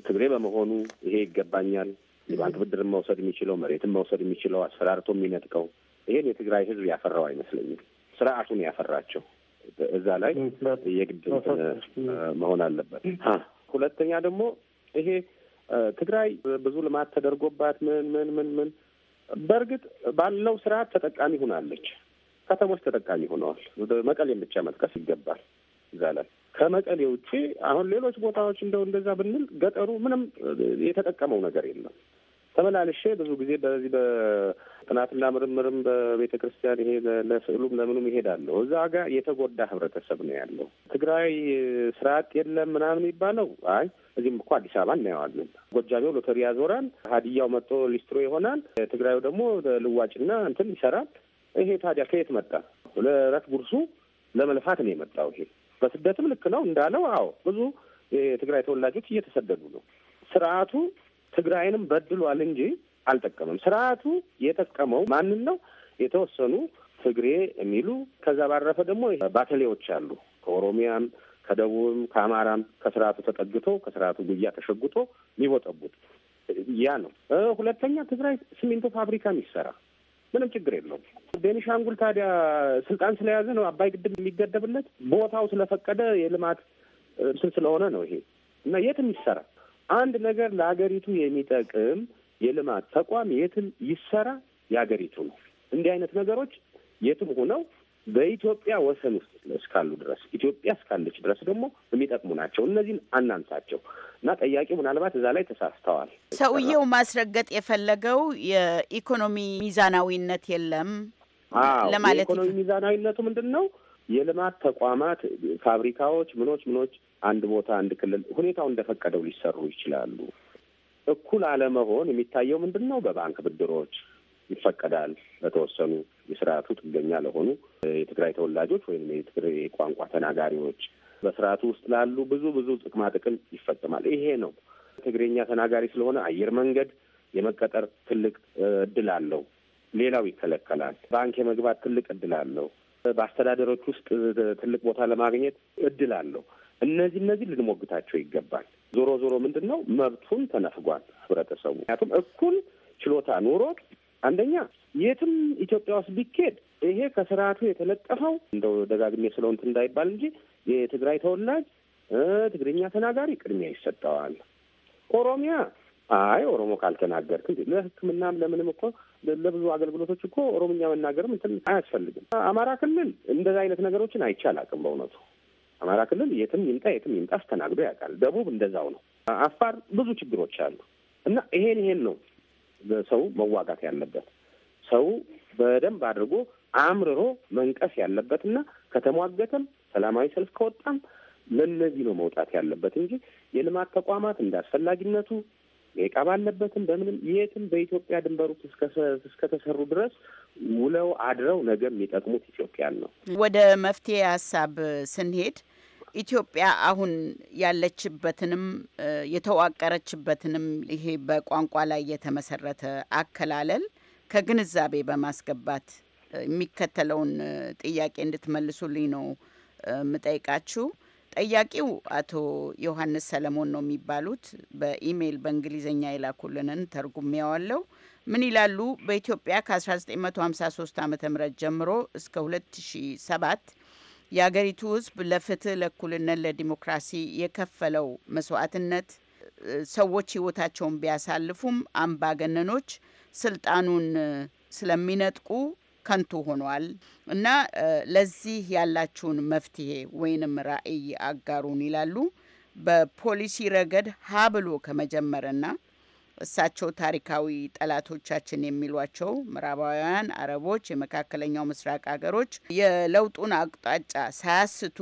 ትግሬ በመሆኑ ይሄ ይገባኛል፣ የባንክ ብድር መውሰድ የሚችለው መሬትን መውሰድ የሚችለው አስፈራርቶ የሚነጥቀው ይሄን የትግራይ ህዝብ ያፈራው አይመስለኝም። ስርዓቱን ያፈራቸው እዛ ላይ የግድ መሆን አለበት። ሁለተኛ ደግሞ ይሄ ትግራይ ብዙ ልማት ተደርጎባት ምን ምን ምን ምን በእርግጥ ባለው ስርዓት ተጠቃሚ ሆናለች። ከተሞች ተጠቃሚ ሆነዋል። መቀሌን ብቻ መጥቀስ ይገባል። እዛ ላይ ከመቀሌ ውጪ አሁን ሌሎች ቦታዎች እንደው እንደዛ ብንል ገጠሩ ምንም የተጠቀመው ነገር የለም። ተመላልሼ ብዙ ጊዜ በዚህ በጥናትና ምርምርም በቤተ ክርስቲያን ይሄ ለስዕሉም ለምኑም ይሄዳለሁ። እዛ ጋር የተጎዳ ህብረተሰብ ነው ያለው። ትግራይ ስርዓት የለም ምናምን የሚባለው አይ እዚህም እኮ አዲስ አበባ እናየዋለን። ጎጃሜው ሎተሪ ያዞራል፣ ሀዲያው መጥቶ ሊስትሮ ይሆናል፣ ትግራዩ ደግሞ ልዋጭና እንትን ይሰራል። ይሄ ታዲያ ከየት መጣ? ለረት ጉርሱ ለመልፋት ነው የመጣው። ይሄ በስደትም ልክ ነው እንዳለው። አዎ ብዙ የትግራይ ተወላጆች እየተሰደዱ ነው ስርዓቱ ትግራይንም በድሏል እንጂ አልጠቀምም ስርዓቱ የጠቀመው ማንን ነው? የተወሰኑ ትግሬ የሚሉ ከዛ ባረፈ ደግሞ ባተሌዎች አሉ ከኦሮሚያም ከደቡብም ከአማራም ከስርዓቱ ተጠግቶ ከስርዓቱ ጉያ ተሸጉጦ የሚቦጠቡት ያ ነው። ሁለተኛ ትግራይ ሲሚንቶ ፋብሪካ የሚሰራ ምንም ችግር የለውም። ቤኒሻንጉል ታዲያ ስልጣን ስለያዘ ነው አባይ ግድብ የሚገደብለት ቦታው ስለፈቀደ የልማት ምስል ስለሆነ ነው ይሄ እና የት የሚሰራ አንድ ነገር ለሀገሪቱ የሚጠቅም የልማት ተቋም የትም ይሰራ የሀገሪቱ ነው። እንዲህ አይነት ነገሮች የትም ሆነው በኢትዮጵያ ወሰን ውስጥ እስካሉ ድረስ ኢትዮጵያ እስካለች ድረስ ደግሞ የሚጠቅሙ ናቸው። እነዚህን አናንሳቸው እና ጠያቂ ምናልባት እዛ ላይ ተሳስተዋል። ሰውየው ማስረገጥ የፈለገው የኢኮኖሚ ሚዛናዊነት የለም ለማለት። የኢኮኖሚ ሚዛናዊነቱ ምንድን ነው? የልማት ተቋማት ፋብሪካዎች፣ ምኖች ምኖች አንድ ቦታ አንድ ክልል ሁኔታው እንደፈቀደው ሊሰሩ ይችላሉ። እኩል አለመሆን የሚታየው ምንድን ነው? በባንክ ብድሮች ይፈቀዳል ለተወሰኑ የስርዓቱ ጥገኛ ለሆኑ የትግራይ ተወላጆች ወይም የትግራይ ቋንቋ ተናጋሪዎች በስርዓቱ ውስጥ ላሉ ብዙ ብዙ ጥቅማ ጥቅም ይፈጽማል። ይሄ ነው ትግርኛ ተናጋሪ ስለሆነ አየር መንገድ የመቀጠር ትልቅ እድል አለው። ሌላው ይከለከላል። ባንክ የመግባት ትልቅ እድል አለው። በአስተዳደሮች ውስጥ ትልቅ ቦታ ለማግኘት እድል አለው። እነዚህ እነዚህ ልንሞግታቸው ይገባል። ዞሮ ዞሮ ምንድን ነው መብቱን ተነፍጓል ህብረተሰቡ። ምክንያቱም እኩል ችሎታ ኑሮት አንደኛ የትም ኢትዮጵያ ውስጥ ቢኬድ ይሄ ከስርዓቱ የተለጠፈው እንደው ደጋግሜ ስለው እንትን እንዳይባል እንጂ የትግራይ ተወላጅ ትግርኛ ተናጋሪ ቅድሚያ ይሰጠዋል። ኦሮሚያ አይ ኦሮሞ ካልተናገርክ እንዴ ለሕክምናም ለምንም እኮ ለብዙ አገልግሎቶች እኮ ኦሮምኛ መናገርም እንትን አያስፈልግም። አማራ ክልል እንደዚ አይነት ነገሮችን አይቻል አቅም በእውነቱ አማራ ክልል የትም ይምጣ የትም ይምጣ አስተናግዶ ያውቃል። ደቡብ እንደዛው ነው። አፋር ብዙ ችግሮች አሉ እና ይሄን ይሄን ነው ሰው መዋጋት ያለበት ሰው በደንብ አድርጎ አምርሮ መንቀስ ያለበት እና ከተሟገተም ሰላማዊ ሰልፍ ከወጣም ለነዚህ ነው መውጣት ያለበት እንጂ የልማት ተቋማት እንደ አስፈላጊነቱ ቃ ባለበትም በምንም የትም በኢትዮጵያ ድንበሩ እስከተሰሩ ድረስ ውለው አድረው ነገ የሚጠቅሙት ኢትዮጵያን ነው። ወደ መፍትሄ ሀሳብ ስንሄድ ኢትዮጵያ አሁን ያለችበትንም የተዋቀረችበትንም ይሄ በቋንቋ ላይ የተመሰረተ አከላለል ከግንዛቤ በማስገባት የሚከተለውን ጥያቄ እንድትመልሱልኝ ነው የምጠይቃችሁ። ጠያቂው አቶ ዮሐንስ ሰለሞን ነው የሚባሉት። በኢሜይል በእንግሊዝኛ የላኩልንን ተርጉሜዋለሁ። ምን ይላሉ? በኢትዮጵያ ከ1953 ዓ ም ጀምሮ እስከ 2007 የአገሪቱ ህዝብ ለፍትህ፣ ለእኩልነት፣ ለዲሞክራሲ የከፈለው መስዋዕትነት ሰዎች ህይወታቸውን ቢያሳልፉም አምባገነኖች ስልጣኑን ስለሚነጥቁ ከንቱ ሆኗል እና ለዚህ ያላችሁን መፍትሄ ወይንም ራዕይ አጋሩን ይላሉ። በፖሊሲ ረገድ ሀ ብሎ ከመጀመርና እሳቸው ታሪካዊ ጠላቶቻችን የሚሏቸው ምዕራባውያን አረቦች፣ የመካከለኛው ምስራቅ ሀገሮች የለውጡን አቅጣጫ ሳያስቱ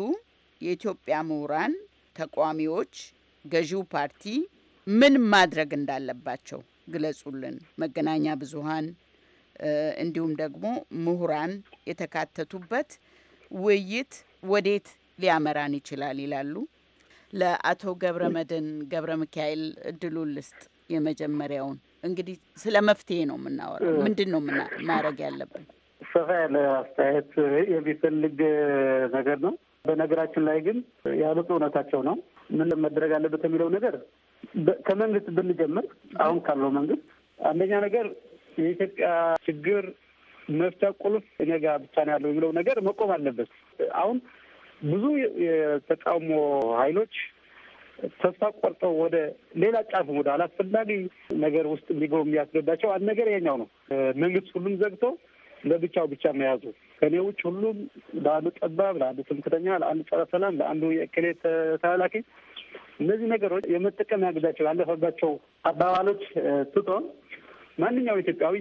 የኢትዮጵያ ምሁራን፣ ተቋሚዎች፣ ገዢው ፓርቲ ምን ማድረግ እንዳለባቸው ግለጹልን። መገናኛ ብዙሃን እንዲሁም ደግሞ ምሁራን የተካተቱበት ውይይት ወዴት ሊያመራን ይችላል ይላሉ። ለአቶ ገብረ መድን ገብረ ሚካኤል እድሉን ልስጥ። የመጀመሪያውን እንግዲህ ስለ መፍትሄ ነው የምናወራው። ምንድን ነው ማድረግ ያለብን? ሰፋ ያለ አስተያየት የሚፈልግ ነገር ነው። በነገራችን ላይ ግን ያሉት እውነታቸው ነው። ምን መደረግ አለበት የሚለው ነገር ከመንግስት ብንጀምር፣ አሁን ካለው መንግስት አንደኛ ነገር የኢትዮጵያ ችግር መፍቻ ቁልፍ እኔ ጋ ብቻ ነው ያለው የሚለው ነገር መቆም አለበት። አሁን ብዙ የተቃውሞ ኃይሎች ተስፋ ቆርጠው ወደ ሌላ ጫፍ ወደ አላስፈላጊ ነገር ውስጥ እንዲገቡ የሚያስገዳቸው አንድ ነገር ይሄኛው ነው። መንግስት ሁሉም ዘግቶ ለብቻው ብቻ መያዙ ከእኔ ውጭ ሁሉም ለአንዱ ጠባብ፣ ለአንዱ ትምክተኛ፣ ለአንዱ ጸረ ሰላም፣ ለአንዱ የእክሌ ተላላኪ እነዚህ ነገሮች የመጠቀም ያግዛቸው ያለፈባቸው አባባሎች ትቶ ማንኛውም ኢትዮጵያዊ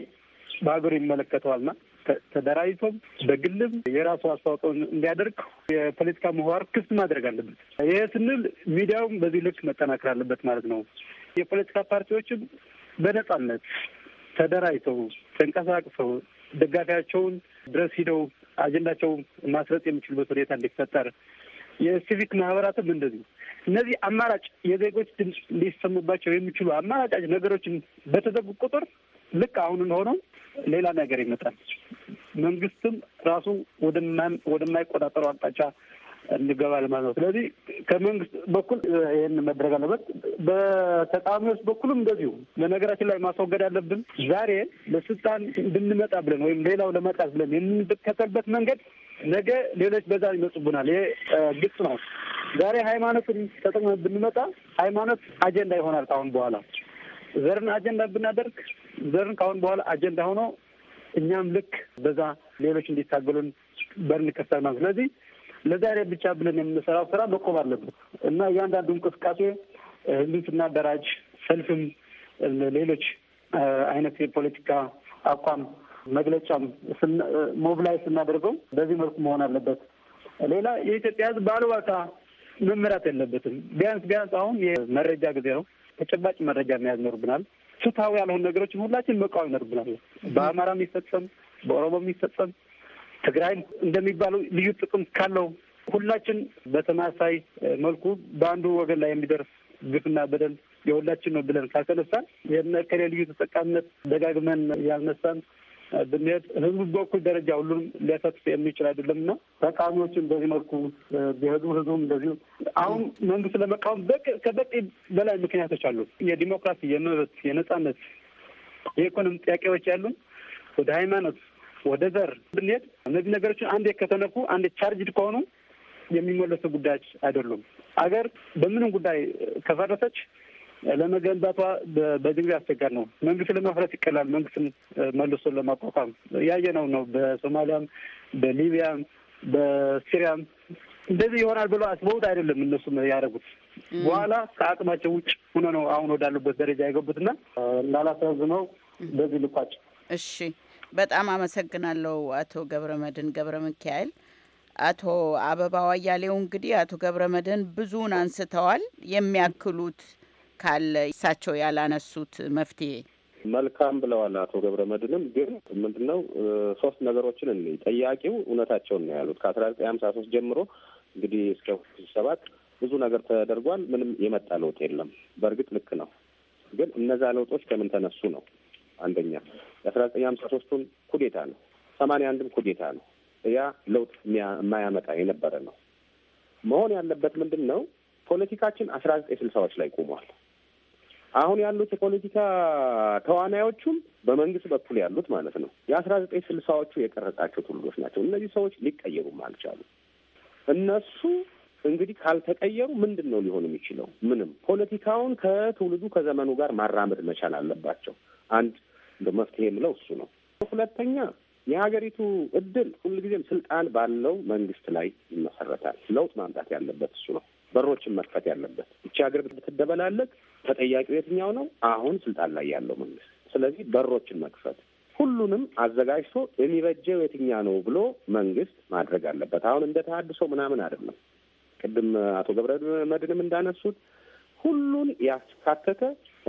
በሀገሩ ይመለከተዋልና ተደራጅቶም በግልም የራሱ አስተዋጽኦ እንዲያደርግ የፖለቲካ ምሁራን ክስ ማድረግ አለበት። ይህ ስንል ሚዲያውም በዚህ ልክ መጠናከር አለበት ማለት ነው። የፖለቲካ ፓርቲዎችም በነጻነት ተደራጅተው ተንቀሳቅሰው ደጋፊያቸውን ድረስ ሂደው አጀንዳቸው ማስረጥ የሚችሉበት ሁኔታ እንዲፈጠር፣ የሲቪክ ማህበራትም እንደዚህ እነዚህ አማራጭ የዜጎች ድምፅ ሊሰሙባቸው የሚችሉ አማራጫጭ ነገሮችን በተዘጉ ቁጥር ልክ አሁንን ሆነው ሌላ ነገር ይመጣል። መንግስትም ራሱ ወደማይቆጣጠረው አቅጣጫ እንገባ ማለት ነው። ስለዚህ ከመንግስት በኩል ይህን መድረግ አለበት። በተቃዋሚዎች በኩልም እንደዚሁ በነገራችን ላይ ማስወገድ አለብን። ዛሬ ለስልጣን እንድንመጣ ብለን ወይም ሌላው ለመጣት ብለን የምንከተልበት መንገድ ነገ ሌሎች በዛ ይመጡብናል። ይሄ ግልጽ ነው። ዛሬ ሃይማኖትን ተጠቅመን ብንመጣ ሃይማኖት አጀንዳ ይሆናል ከአሁን በኋላ ዘርን አጀንዳ ብናደርግ ዘርን ካሁን በኋላ አጀንዳ ሆኖ እኛም ልክ በዛ ሌሎች እንዲታገሉን በር እንከፍታለን። ስለዚህ ለዛሬ ብቻ ብለን የምንሰራው ስራ መቆም አለብን እና እያንዳንዱ እንቅስቃሴ ህዝብን ስናደራጅ፣ ሰልፍም፣ ሌሎች አይነት የፖለቲካ አቋም መግለጫም ሞብላይ ስናደርገው በዚህ መልኩ መሆን አለበት። ሌላ የኢትዮጵያ ህዝብ በአሉባልታ መምራት የለበትም። ቢያንስ ቢያንስ አሁን የመረጃ ጊዜ ነው። ተጨባጭ መረጃ መያዝ ይኖርብናል። ፍትሐዊ ያልሆኑ ነገሮችን ሁላችን መቃወም ይኖርብናል። በአማራ የሚፈጸም በኦሮሞ የሚፈጸም ትግራይም እንደሚባለው ልዩ ጥቅም ካለው ሁላችን በተመሳሳይ መልኩ በአንዱ ወገን ላይ የሚደርስ ግፍና በደል የሁላችን ነው ብለን ካልተነሳን የነከሌ ልዩ ተጠቃሚነት ደጋግመን ያልነሳን ብንሄድ ህዝቡ በኩል ደረጃ ሁሉም ሊያሳትፍ የሚችል አይደለም እና ተቃዋሚዎችን በዚህ መልኩ ቢሄዱ ህዝቡም እንደዚሁ አሁን መንግስት ለመቃወም ከበቂ በላይ ምክንያቶች አሉ። የዲሞክራሲ፣ የመብት፣ የነጻነት፣ የኢኮኖሚ ጥያቄዎች ያሉን ወደ ሃይማኖት፣ ወደ ዘር ብንሄድ እነዚህ ነገሮችን አንዴ ከተነኩ አንዴ ቻርጅድ ከሆኑ የሚመለሱ ጉዳዮች አይደሉም። አገር በምንም ጉዳይ ከፈረሰች ለመገንባቷ በድግሪ አስቸጋሪ ነው። መንግስት ለመፍረት ይቀላል። መንግስትን መልሶ ለማቋቋም ያየነው ነው። በሶማሊያም፣ በሊቢያም፣ በሲሪያም እንደዚህ ይሆናል ብሎ አስበውት አይደለም እነሱም ያደረጉት በኋላ ከአቅማቸው ውጭ ሆነ ነው አሁን ወዳሉበት ደረጃ የገቡትና እንዳላሳዝነው በዚህ ልኳቸው። እሺ፣ በጣም አመሰግናለሁ አቶ ገብረ መድን ገብረ ሚካኤል። አቶ አበባው አያሌው እንግዲህ አቶ ገብረ መድህን ብዙውን አንስተዋል የሚያክሉት ካለ እሳቸው ያላነሱት መፍትሄ መልካም ብለዋል አቶ ገብረ መድንም። ግን ምንድነው ሶስት ነገሮችን እንይ። ጠያቂው እውነታቸውን ነው ያሉት። ከአስራ ዘጠኝ ሀምሳ ሶስት ጀምሮ እንግዲህ እስከ ሁለት ሰባት ብዙ ነገር ተደርጓል። ምንም የመጣ ለውጥ የለም። በእርግጥ ልክ ነው። ግን እነዛ ለውጦች ከምን ተነሱ ነው? አንደኛ የአስራ ዘጠኝ ሀምሳ ሶስቱን ኩዴታ ነው። ሰማንያ አንድም ኩዴታ ነው። ያ ለውጥ የማያመጣ የነበረ ነው። መሆን ያለበት ምንድን ነው? ፖለቲካችን አስራ ዘጠኝ ስልሳዎች ላይ ቆሟል። አሁን ያሉት የፖለቲካ ተዋናዮቹም በመንግስት በኩል ያሉት ማለት ነው የአስራ ዘጠኝ ስልሳዎቹ የቀረጻቸው ትውልዶች ናቸው። እነዚህ ሰዎች ሊቀየሩም አልቻሉ። እነሱ እንግዲህ ካልተቀየሩ ምንድን ነው ሊሆን የሚችለው? ምንም። ፖለቲካውን ከትውልዱ ከዘመኑ ጋር ማራመድ መቻል አለባቸው። አንድ መፍትሄ የምለው እሱ ነው። ሁለተኛ የሀገሪቱ እድል ሁልጊዜም ስልጣን ባለው መንግስት ላይ ይመሰረታል። ለውጥ ማምጣት ያለበት እሱ ነው። በሮችን መክፈት ያለበት። እቺ ሀገር ብትደበላለቅ ተጠያቂው የትኛው ነው? አሁን ስልጣን ላይ ያለው መንግስት። ስለዚህ በሮችን መክፈት ሁሉንም አዘጋጅቶ የሚበጀው የትኛ ነው ብሎ መንግስት ማድረግ አለበት። አሁን እንደ ተሀድሶ ምናምን አይደለም። ቅድም አቶ ገብረ መድንም እንዳነሱት ሁሉን ያካተተ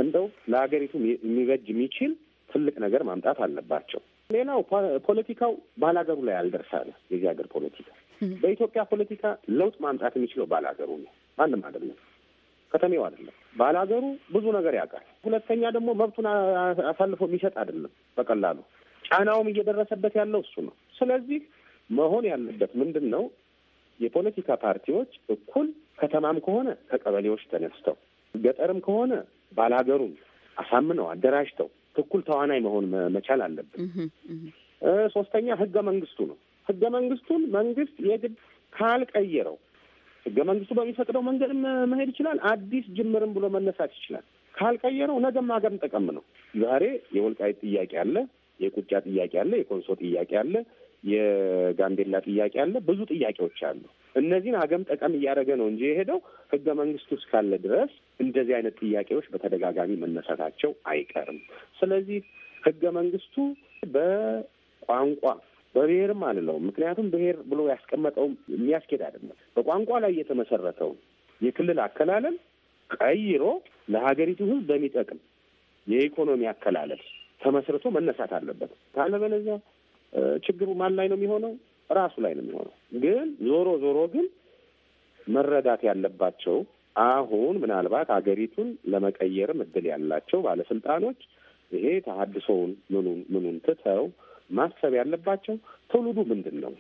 እንደው ለሀገሪቱ የሚበጅ የሚችል ትልቅ ነገር ማምጣት አለባቸው። ሌላው ፖለቲካው ባላገሩ ላይ አልደርሳለ የዚህ ሀገር ፖለቲካ በኢትዮጵያ ፖለቲካ ለውጥ ማምጣት የሚችለው ባለሀገሩ ነው፣ ማንም አይደለም፣ ከተሜው አይደለም። ባለሀገሩ ብዙ ነገር ያውቃል። ሁለተኛ ደግሞ መብቱን አሳልፎ የሚሰጥ አይደለም በቀላሉ ጫናውም እየደረሰበት ያለው እሱ ነው። ስለዚህ መሆን ያለበት ምንድን ነው? የፖለቲካ ፓርቲዎች እኩል ከተማም ከሆነ ከቀበሌዎች ተነስተው ገጠርም ከሆነ ባላገሩን አሳምነው አደራጅተው እኩል ተዋናይ መሆን መቻል አለብን። ሶስተኛ ህገ መንግስቱ ነው። ህገ መንግስቱን መንግስት የግድ ካልቀየረው ህገ መንግስቱ በሚፈቅደው መንገድ መሄድ ይችላል። አዲስ ጅምርም ብሎ መነሳት ይችላል። ካልቀየረው ነገም ሀገር ጠቀም ነው። ዛሬ የወልቃይት ጥያቄ አለ፣ የቁጫ ጥያቄ አለ፣ የኮንሶ ጥያቄ አለ፣ የጋምቤላ ጥያቄ አለ። ብዙ ጥያቄዎች አሉ። እነዚህን አገም ጠቀም እያደረገ ነው እንጂ የሄደው ህገ መንግስቱ እስካለ ድረስ እንደዚህ አይነት ጥያቄዎች በተደጋጋሚ መነሳታቸው አይቀርም። ስለዚህ ህገ መንግስቱ በቋንቋ በብሔርም አልለውም። ምክንያቱም ብሔር ብሎ ያስቀመጠው የሚያስኬድ አይደለም። በቋንቋ ላይ የተመሰረተው የክልል አከላለል ቀይሮ ለሀገሪቱ ሕዝብ በሚጠቅም የኢኮኖሚ አከላለል ተመስርቶ መነሳት አለበት። ካለበለዚያ ችግሩ ማን ላይ ነው የሚሆነው? ራሱ ላይ ነው የሚሆነው። ግን ዞሮ ዞሮ ግን መረዳት ያለባቸው አሁን ምናልባት ሀገሪቱን ለመቀየርም እድል ያላቸው ባለስልጣኖች ይሄ ተሀድሶውን ምኑን ምኑን ትተው ማሰብ ያለባቸው ትውልዱ ምንድን ነው፣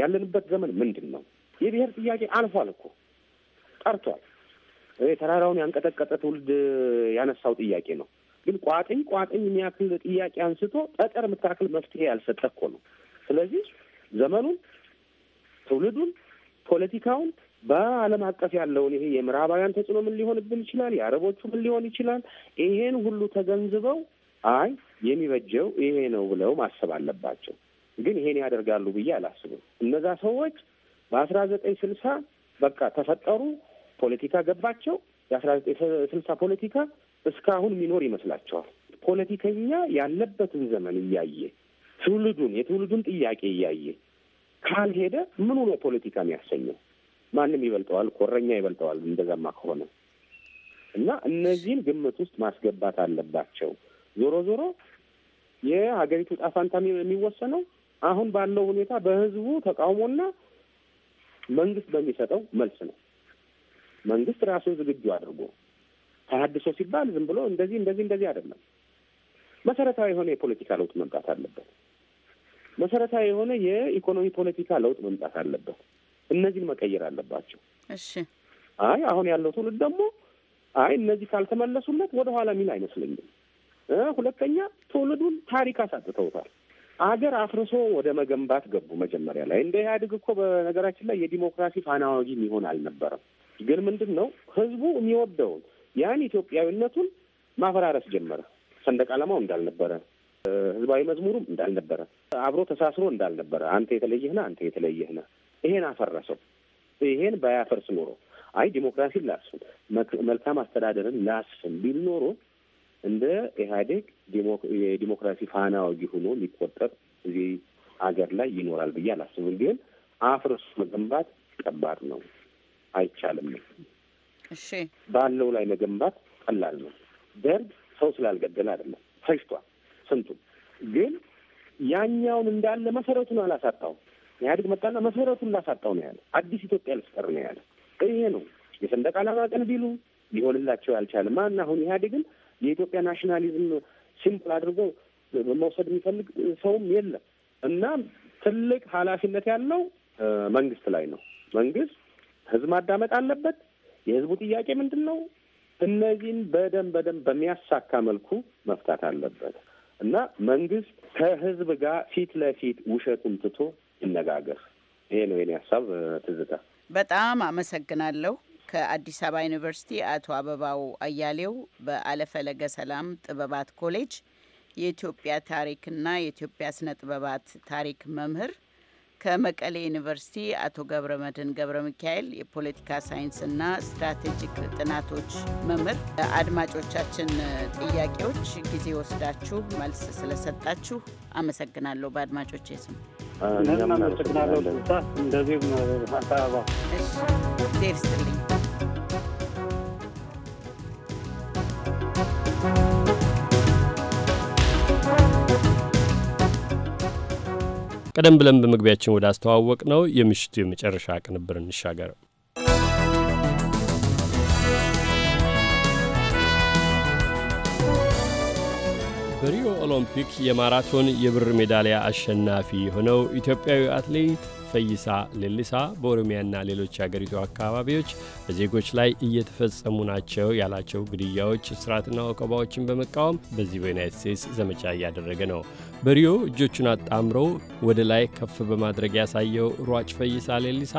ያለንበት ዘመን ምንድን ነው። የብሔር ጥያቄ አልፏል እኮ ጠርቷል ተራራውን ያንቀጠቀጠ ትውልድ ያነሳው ጥያቄ ነው። ግን ቋጥኝ ቋጥኝ የሚያክል ጥያቄ አንስቶ ጠጠር የምታክል መፍትሄ ያልሰጠ እኮ ነው። ስለዚህ ዘመኑን፣ ትውልዱን፣ ፖለቲካውን በዓለም አቀፍ ያለውን ይሄ የምዕራባውያን ተጽዕኖ ምን ሊሆንብን ይችላል፣ የአረቦቹ ምን ሊሆን ይችላል፣ ይሄን ሁሉ ተገንዝበው አይ የሚበጀው ይሄ ነው ብለው ማሰብ አለባቸው። ግን ይሄን ያደርጋሉ ብዬ አላስብም። እነዛ ሰዎች በአስራ ዘጠኝ ስልሳ በቃ ተፈጠሩ፣ ፖለቲካ ገባቸው። የአስራ ዘጠኝ ስልሳ ፖለቲካ እስካሁን የሚኖር ይመስላቸዋል። ፖለቲከኛ ያለበትን ዘመን እያየ ትውልዱን የትውልዱን ጥያቄ እያየ ካልሄደ ምኑ ነው ፖለቲካ የሚያሰኘው? ማንም ይበልጠዋል፣ ኮረኛ ይበልጠዋል። እንደዛማ ከሆነ እና እነዚህን ግምት ውስጥ ማስገባት አለባቸው። ዞሮ ዞሮ የሀገሪቱ ዕጣ ፈንታ የሚወሰነው አሁን ባለው ሁኔታ በህዝቡ ተቃውሞና መንግስት በሚሰጠው መልስ ነው። መንግስት ራሱን ዝግጁ አድርጎ ተሀድሶ ሲባል ዝም ብሎ እንደዚህ እንደዚህ እንደዚህ አይደለም። መሰረታዊ የሆነ የፖለቲካ ለውጥ መምጣት አለበት። መሰረታዊ የሆነ የኢኮኖሚ ፖለቲካ ለውጥ መምጣት አለበት። እነዚህን መቀየር አለባቸው። እሺ። አይ አሁን ያለው ትውልድ ደግሞ አይ እነዚህ ካልተመለሱለት ወደኋላ ሚል አይመስለኝም። ሁለተኛ ትውልዱን ታሪክ አሳጥተውታል። አገር አፍርሶ ወደ መገንባት ገቡ። መጀመሪያ ላይ እንደ ኢህአዴግ እኮ በነገራችን ላይ የዲሞክራሲ ፋናዋጊ ወጊ የሚሆን አልነበረም። ግን ምንድን ነው ህዝቡ የሚወደውን ያን ኢትዮጵያዊነቱን ማፈራረስ ጀመረ። ሰንደቅ ዓላማው እንዳልነበረ፣ ህዝባዊ መዝሙሩም እንዳልነበረ፣ አብሮ ተሳስሮ እንዳልነበረ፣ አንተ የተለየህና አንተ የተለየህና ይሄን አፈረሰው። ይሄን ባያፈርስ ኖሮ አይ ዲሞክራሲን ላስፍን መልካም አስተዳደርን ላስፍን ቢል ኖሮ እንደ ኢህአዴግ የዲሞክራሲ ፋና ወጊ ሆኖ ሊቆጠር እዚህ ሀገር ላይ ይኖራል ብዬ አላስብም። ግን አፍርሶ መገንባት ከባድ ነው፣ አይቻልም። እሺ ባለው ላይ መገንባት ቀላል ነው። ደርግ ሰው ስላልገደል አይደለም፣ ፈጅቷል ስንቱ ግን ያኛውን እንዳለ መሰረቱን አላሳጣው። ኢህአዴግ መጣና መሰረቱን ላሳጣው ነው ያለ፣ አዲስ ኢትዮጵያ ልፍጠር ነው ያለ። ይሄ ነው የሰንደቅ ዓላማ ቀን ቢሉ ሊሆንላቸው ያልቻለ ማን አሁን ኢህአዴግን የኢትዮጵያ ናሽናሊዝም ሲምፕል አድርጎ መውሰድ የሚፈልግ ሰውም የለም እና ትልቅ ኃላፊነት ያለው መንግስት ላይ ነው። መንግስት ህዝብ ማዳመጥ አለበት። የህዝቡ ጥያቄ ምንድን ነው? እነዚህን በደንብ በደንብ በሚያሳካ መልኩ መፍታት አለበት እና መንግስት ከህዝብ ጋር ፊት ለፊት ውሸቱን ትቶ ይነጋገር። ይሄ ነው የኔ ሀሳብ። ትዝታ፣ በጣም አመሰግናለሁ። ከአዲስ አበባ ዩኒቨርሲቲ አቶ አበባው አያሌው በአለፈለገ ሰላም ጥበባት ኮሌጅ የኢትዮጵያ ታሪክና የኢትዮጵያ ስነ ጥበባት ታሪክ መምህር፣ ከመቀሌ ዩኒቨርሲቲ አቶ ገብረ መድህን ገብረ ሚካኤል የፖለቲካ ሳይንስና ስትራቴጂክ ጥናቶች መምህር። አድማጮቻችን ጥያቄዎች ጊዜ ወስዳችሁ መልስ ስለሰጣችሁ አመሰግናለሁ። በአድማጮች ስም እንደዚህም አዲስ ዜር ስትልኝ ቀደም ብለን በመግቢያችን ወደ አስተዋወቅ ነው የምሽቱ የመጨረሻ ቅንብር እንሻገር። በሪዮ ኦሎምፒክ የማራቶን የብር ሜዳሊያ አሸናፊ የሆነው ኢትዮጵያዊ አትሌት ፈይሳ ሌሊሳ በኦሮሚያና ሌሎች የአገሪቱ አካባቢዎች በዜጎች ላይ እየተፈጸሙ ናቸው ያላቸው ግድያዎች፣ እስራትና ወከባዎችን በመቃወም በዚህ በዩናይት ስቴትስ ዘመቻ እያደረገ ነው። በሪዮ እጆቹን አጣምሮ ወደ ላይ ከፍ በማድረግ ያሳየው ሯጭ ፈይሳ ሌሊሳ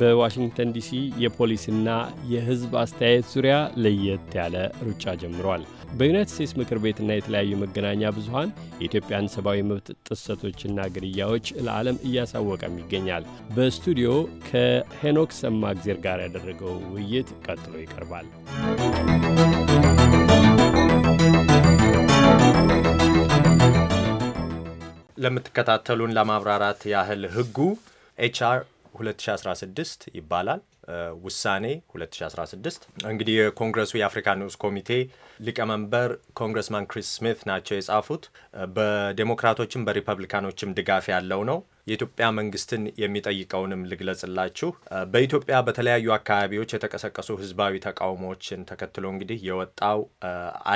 በዋሽንግተን ዲሲ የፖሊስና የሕዝብ አስተያየት ዙሪያ ለየት ያለ ሩጫ ጀምሯል። በዩናይትድ ስቴትስ ምክር ቤትና የተለያዩ መገናኛ ብዙኃን የኢትዮጵያን ሰብአዊ መብት ጥሰቶችና ግድያዎች ለዓለም እያሳወቀም ይገኛል። በስቱዲዮ ከሄኖክ ሰማግዜር ጋር ያደረገው ውይይት ቀጥሎ ይቀርባል። ለምትከታተሉን ለማብራራት ያህል ህጉ ኤችአር 2016 ይባላል። ውሳኔ 2016 እንግዲህ የኮንግረሱ የአፍሪካ ንዑስ ኮሚቴ ሊቀመንበር ኮንግረስማን ክሪስ ስሚት ናቸው የጻፉት። በዴሞክራቶችም በሪፐብሊካኖችም ድጋፍ ያለው ነው። የኢትዮጵያ መንግስትን የሚጠይቀውንም ልግለጽላችሁ። በኢትዮጵያ በተለያዩ አካባቢዎች የተቀሰቀሱ ህዝባዊ ተቃውሞዎችን ተከትሎ እንግዲህ የወጣው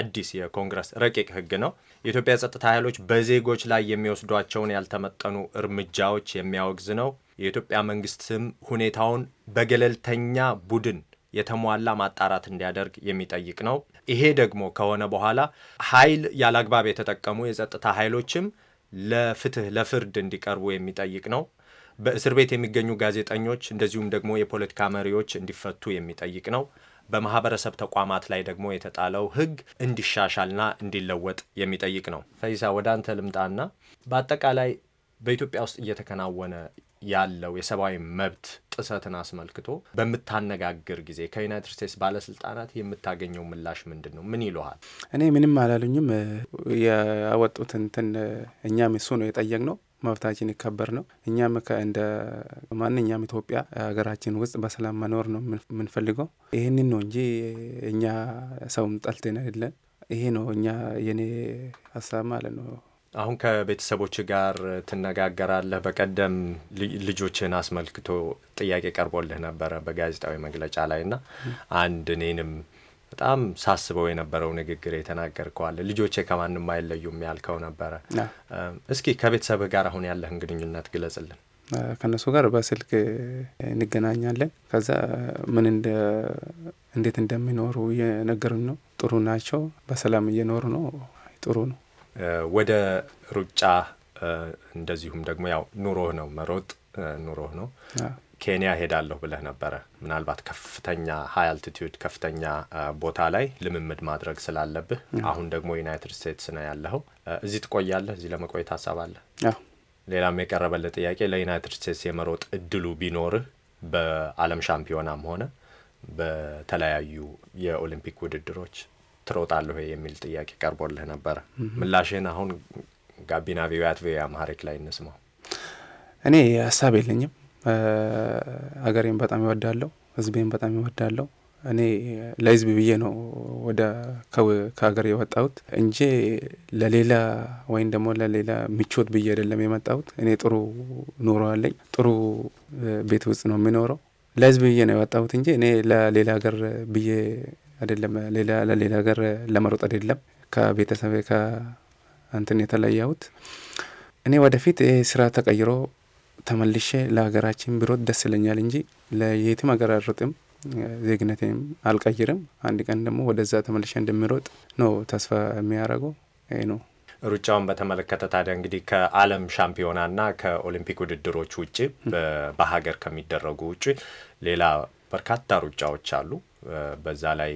አዲስ የኮንግረስ ረቂቅ ህግ ነው። የኢትዮጵያ የጸጥታ ኃይሎች በዜጎች ላይ የሚወስዷቸውን ያልተመጠኑ እርምጃዎች የሚያወግዝ ነው። የኢትዮጵያ መንግስትም ሁኔታውን በገለልተኛ ቡድን የተሟላ ማጣራት እንዲያደርግ የሚጠይቅ ነው። ይሄ ደግሞ ከሆነ በኋላ ኃይል ያለአግባብ የተጠቀሙ የጸጥታ ኃይሎችም ለፍትህ ለፍርድ እንዲቀርቡ የሚጠይቅ ነው። በእስር ቤት የሚገኙ ጋዜጠኞች እንደዚሁም ደግሞ የፖለቲካ መሪዎች እንዲፈቱ የሚጠይቅ ነው። በማህበረሰብ ተቋማት ላይ ደግሞ የተጣለው ህግ እንዲሻሻልና እንዲለወጥ የሚጠይቅ ነው። ፈይሳ ወደ አንተ ልምጣና በአጠቃላይ በኢትዮጵያ ውስጥ እየተከናወነ ያለው የሰብአዊ መብት ጥሰትን አስመልክቶ በምታነጋግር ጊዜ ከዩናይትድ ስቴትስ ባለስልጣናት የምታገኘው ምላሽ ምንድን ነው? ምን ይለሃል? እኔ ምንም አላሉኝም። ያወጡት እንትን እኛም እሱ ነው የጠየቅ ነው መብታችን ይከበር ነው። እኛም እንደ ማንኛውም ኢትዮጵያ ሀገራችን ውስጥ በሰላም መኖር ነው የምንፈልገው። ይህንን ነው እንጂ እኛ ሰውም ጠልተን አይደለን። ይሄ ነው እኛ የኔ ሀሳብ ማለት ነው። አሁን ከቤተሰቦች ጋር ትነጋገራለህ። በቀደም ልጆችህን አስመልክቶ ጥያቄ ቀርቦልህ ነበረ በጋዜጣዊ መግለጫ ላይ እና አንድ እኔንም በጣም ሳስበው የነበረው ንግግር የተናገርከዋል። ልጆቼ ከማንም አይለዩም ያልከው ነበረ። እስኪ ከቤተሰብህ ጋር አሁን ያለህን ግንኙነት ግለጽልን። ከእነሱ ጋር በስልክ እንገናኛለን። ከዛ ምን እንዴት እንደሚኖሩ እየነገሩን ነው። ጥሩ ናቸው። በሰላም እየኖሩ ነው። ጥሩ ነው። ወደ ሩጫ እንደዚሁም ደግሞ ያው ኑሮህ ነው መሮጥ ኑሮህ ነው። ኬንያ ሄዳለሁ ብለህ ነበረ። ምናልባት ከፍተኛ ሀይ አልቲቲዩድ ከፍተኛ ቦታ ላይ ልምምድ ማድረግ ስላለብህ አሁን ደግሞ ዩናይትድ ስቴትስ ነው ያለኸው። እዚህ ትቆያለህ? እዚህ ለመቆየት ሀሳብ ሌላም የቀረበለ ጥያቄ ለዩናይትድ ስቴትስ የመሮጥ እድሉ ቢኖርህ በአለም ሻምፒዮናም ሆነ በተለያዩ የኦሊምፒክ ውድድሮች ትሮጣለሁ የሚል ጥያቄ ቀርቦልህ ነበር። ምላሽን አሁን ጋቢና ቪያት ቪያ ማሪክ ላይ እንስማው። እኔ ሀሳብ የለኝም። ሀገሬን በጣም ይወዳለሁ፣ ህዝቤን በጣም ይወዳለሁ። እኔ ለህዝብ ብዬ ነው ወደ ከሀገር የወጣሁት እንጂ ለሌላ ወይም ደግሞ ለሌላ ምቾት ብዬ አይደለም የመጣሁት። እኔ ጥሩ ኑሮ አለኝ፣ ጥሩ ቤት ውስጥ ነው የሚኖረው። ለህዝብ ብዬ ነው የወጣሁት እንጂ እኔ ለሌላ ሀገር ብዬ አይደለም ሌላ ለሌላ ሀገር ለመሮጥ አይደለም ከቤተሰብ ከእንትን የተለያሁት። እኔ ወደፊት ይህ ስራ ተቀይሮ ተመልሼ ለሀገራችን ብሮጥ ደስ ይለኛል እንጂ ለየትም ሀገር አልሮጥም። ዜግነቴም አልቀይርም። አንድ ቀን ደግሞ ወደዛ ተመልሼ እንደሚሮጥ ነው ተስፋ የሚያደርገው ይ ነው። ሩጫውን በተመለከተ ታዲያ እንግዲህ ከዓለም ሻምፒዮናና ከኦሊምፒክ ውድድሮች ውጭ በሀገር ከሚደረጉ ውጭ ሌላ በርካታ ሩጫዎች አሉ። በዛ ላይ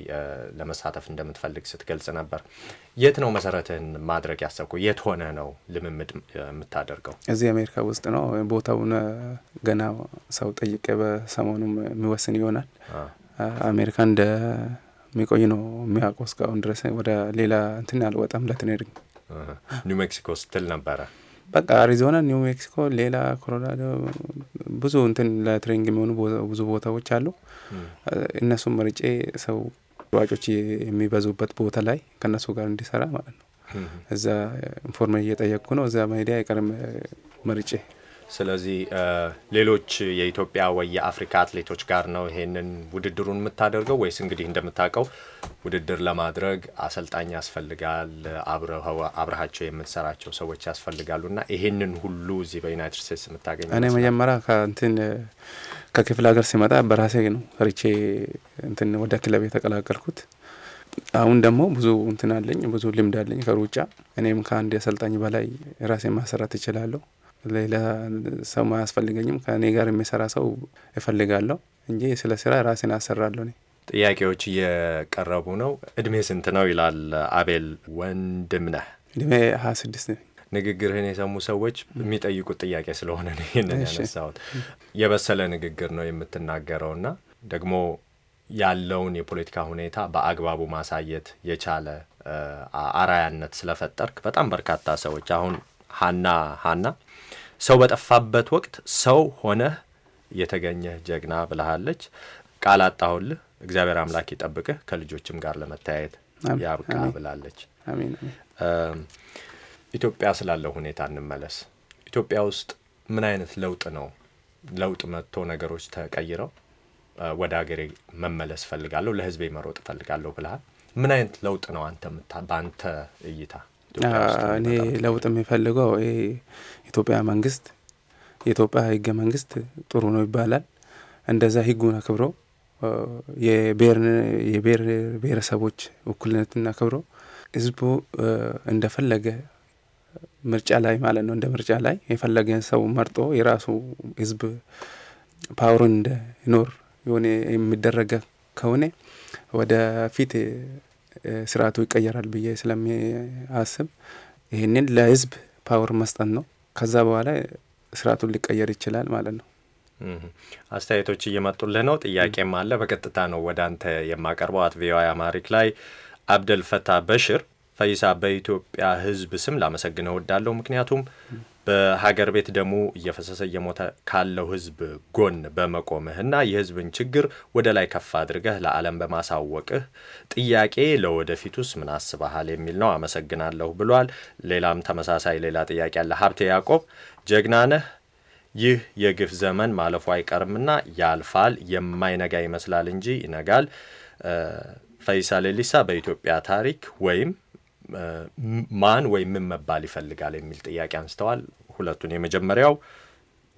ለመሳተፍ እንደምትፈልግ ስትገልጽ ነበር። የት ነው መሰረትህን ማድረግ ያሰብኩ? የት ሆነ ነው ልምምድ የምታደርገው? እዚህ አሜሪካ ውስጥ ነው። ቦታውን ገና ሰው ጠይቄ በሰሞኑ የሚወስን ይሆናል። አሜሪካ እንደሚቆይ ነው የሚያውቀው። እስካሁን ድረስ ወደ ሌላ እንትን አልወጣም ለትሬኒንግ ኒው ሜክሲኮ ስትል ነበረ በቃ አሪዞና፣ ኒው ሜክሲኮ፣ ሌላ ኮሎራዶ ብዙ እንትን ለትሬኒንግ የሚሆኑ ብዙ ቦታዎች አሉ። እነሱም መርጬ ሰው ሯጮች የሚበዙበት ቦታ ላይ ከእነሱ ጋር እንዲሰራ ማለት ነው። እዛ ኢንፎርሜሽን እየጠየቅኩ ነው። እዛ መሄድ አይቀርም መርጬ ስለዚህ ሌሎች የኢትዮጵያ ወይ የአፍሪካ አትሌቶች ጋር ነው ይሄንን ውድድሩን የምታደርገው ወይስ እንግዲህ እንደምታውቀው ውድድር ለማድረግ አሰልጣኝ ያስፈልጋል፣ አብረሃቸው የምትሰራቸው ሰዎች ያስፈልጋሉ እና ይሄንን ሁሉ እዚህ በዩናይትድ ስቴትስ የምታገኘው? እኔ መጀመሪያ ከእንትን ከክፍለ ሀገር ሲመጣ በራሴ ነው ሪቼ እንትን ወደ ክለብ የተቀላቀልኩት። አሁን ደግሞ ብዙ እንትን አለኝ፣ ብዙ ልምድ አለኝ ከሩጫ። እኔም ከአንድ አሰልጣኝ በላይ ራሴ ማሰራት እችላለሁ። ሌላ ሰው አያስፈልገኝም። ከእኔ ጋር የሚሰራ ሰው እፈልጋለሁ እንጂ ስለ ስራ ራሴን አሰራለሁ። እኔ ጥያቄዎች እየቀረቡ ነው። እድሜ ስንት ነው ይላል አቤል ወንድም ነህ? እድሜ ሀያ ስድስት ነኝ። ንግግርህን የሰሙ ሰዎች የሚጠይቁት ጥያቄ ስለሆነ ነው ይህንን ያነሳሁት። የበሰለ ንግግር ነው የምትናገረውና ደግሞ ያለውን የፖለቲካ ሁኔታ በአግባቡ ማሳየት የቻለ አራያነት ስለፈጠርክ በጣም በርካታ ሰዎች አሁን ሀና ሀና ሰው በጠፋበት ወቅት ሰው ሆነህ የተገኘህ ጀግና ብለሃለች። ቃል አጣሁልህ። እግዚአብሔር አምላክ ይጠብቅህ፣ ከልጆችም ጋር ለመተያየት ያብቃ ብላለች። ኢትዮጵያ ስላለው ሁኔታ እንመለስ። ኢትዮጵያ ውስጥ ምን አይነት ለውጥ ነው? ለውጥ መጥቶ ነገሮች ተቀይረው ወደ ሀገሬ መመለስ ፈልጋለሁ ለህዝቤ መሮጥ ፈልጋለሁ ብልሃል። ምን አይነት ለውጥ ነው አንተ በአንተ እይታ? እኔ ለውጥ የሚፈልገው ይሄ ኢትዮጵያ መንግስት የኢትዮጵያ ህገ መንግስት ጥሩ ነው ይባላል። እንደዛ ህጉን አክብሮ የብሔር ብሔረሰቦች እኩልነትን አክብሮ ህዝቡ እንደፈለገ ምርጫ ላይ ማለት ነው እንደ ምርጫ ላይ የፈለገን ሰው መርጦ የራሱ ህዝብ ፓወሩን እንደ ይኖር የሆነ የሚደረገ ከሆነ ወደፊት ስርዓቱ ይቀየራል ብዬ ስለሚያስብ ይህንን ለህዝብ ፓወር መስጠት ነው። ከዛ በኋላ ስርዓቱን ሊቀየር ይችላል ማለት ነው። አስተያየቶች እየመጡልህ ነው። ጥያቄም አለ። በቀጥታ ነው ወደ አንተ የማቀርበው። አት ቪኦኤ አማሪክ ላይ አብደልፈታ በሽር ፈይሳ በኢትዮጵያ ህዝብ ስም ላመሰግነው እወዳለሁ። ምክንያቱም በሀገር ቤት ደሙ እየፈሰሰ እየሞተ ካለው ህዝብ ጎን በመቆምህና የህዝብን ችግር ወደ ላይ ከፍ አድርገህ ለዓለም በማሳወቅህ ጥያቄ ለወደፊቱስ ምን አስበሃል የሚል ነው። አመሰግናለሁ ብሏል። ሌላም ተመሳሳይ ሌላ ጥያቄ አለ። ሀብቴ ያዕቆብ ጀግናነህ ይህ የግፍ ዘመን ማለፉ አይቀርምና ያልፋል። የማይነጋ ይመስላል እንጂ ይነጋል። ፈይሳ ሌሊሳ በኢትዮጵያ ታሪክ ወይም ማን ወይም ምን መባል ይፈልጋል የሚል ጥያቄ አንስተዋል። ሁለቱን የመጀመሪያው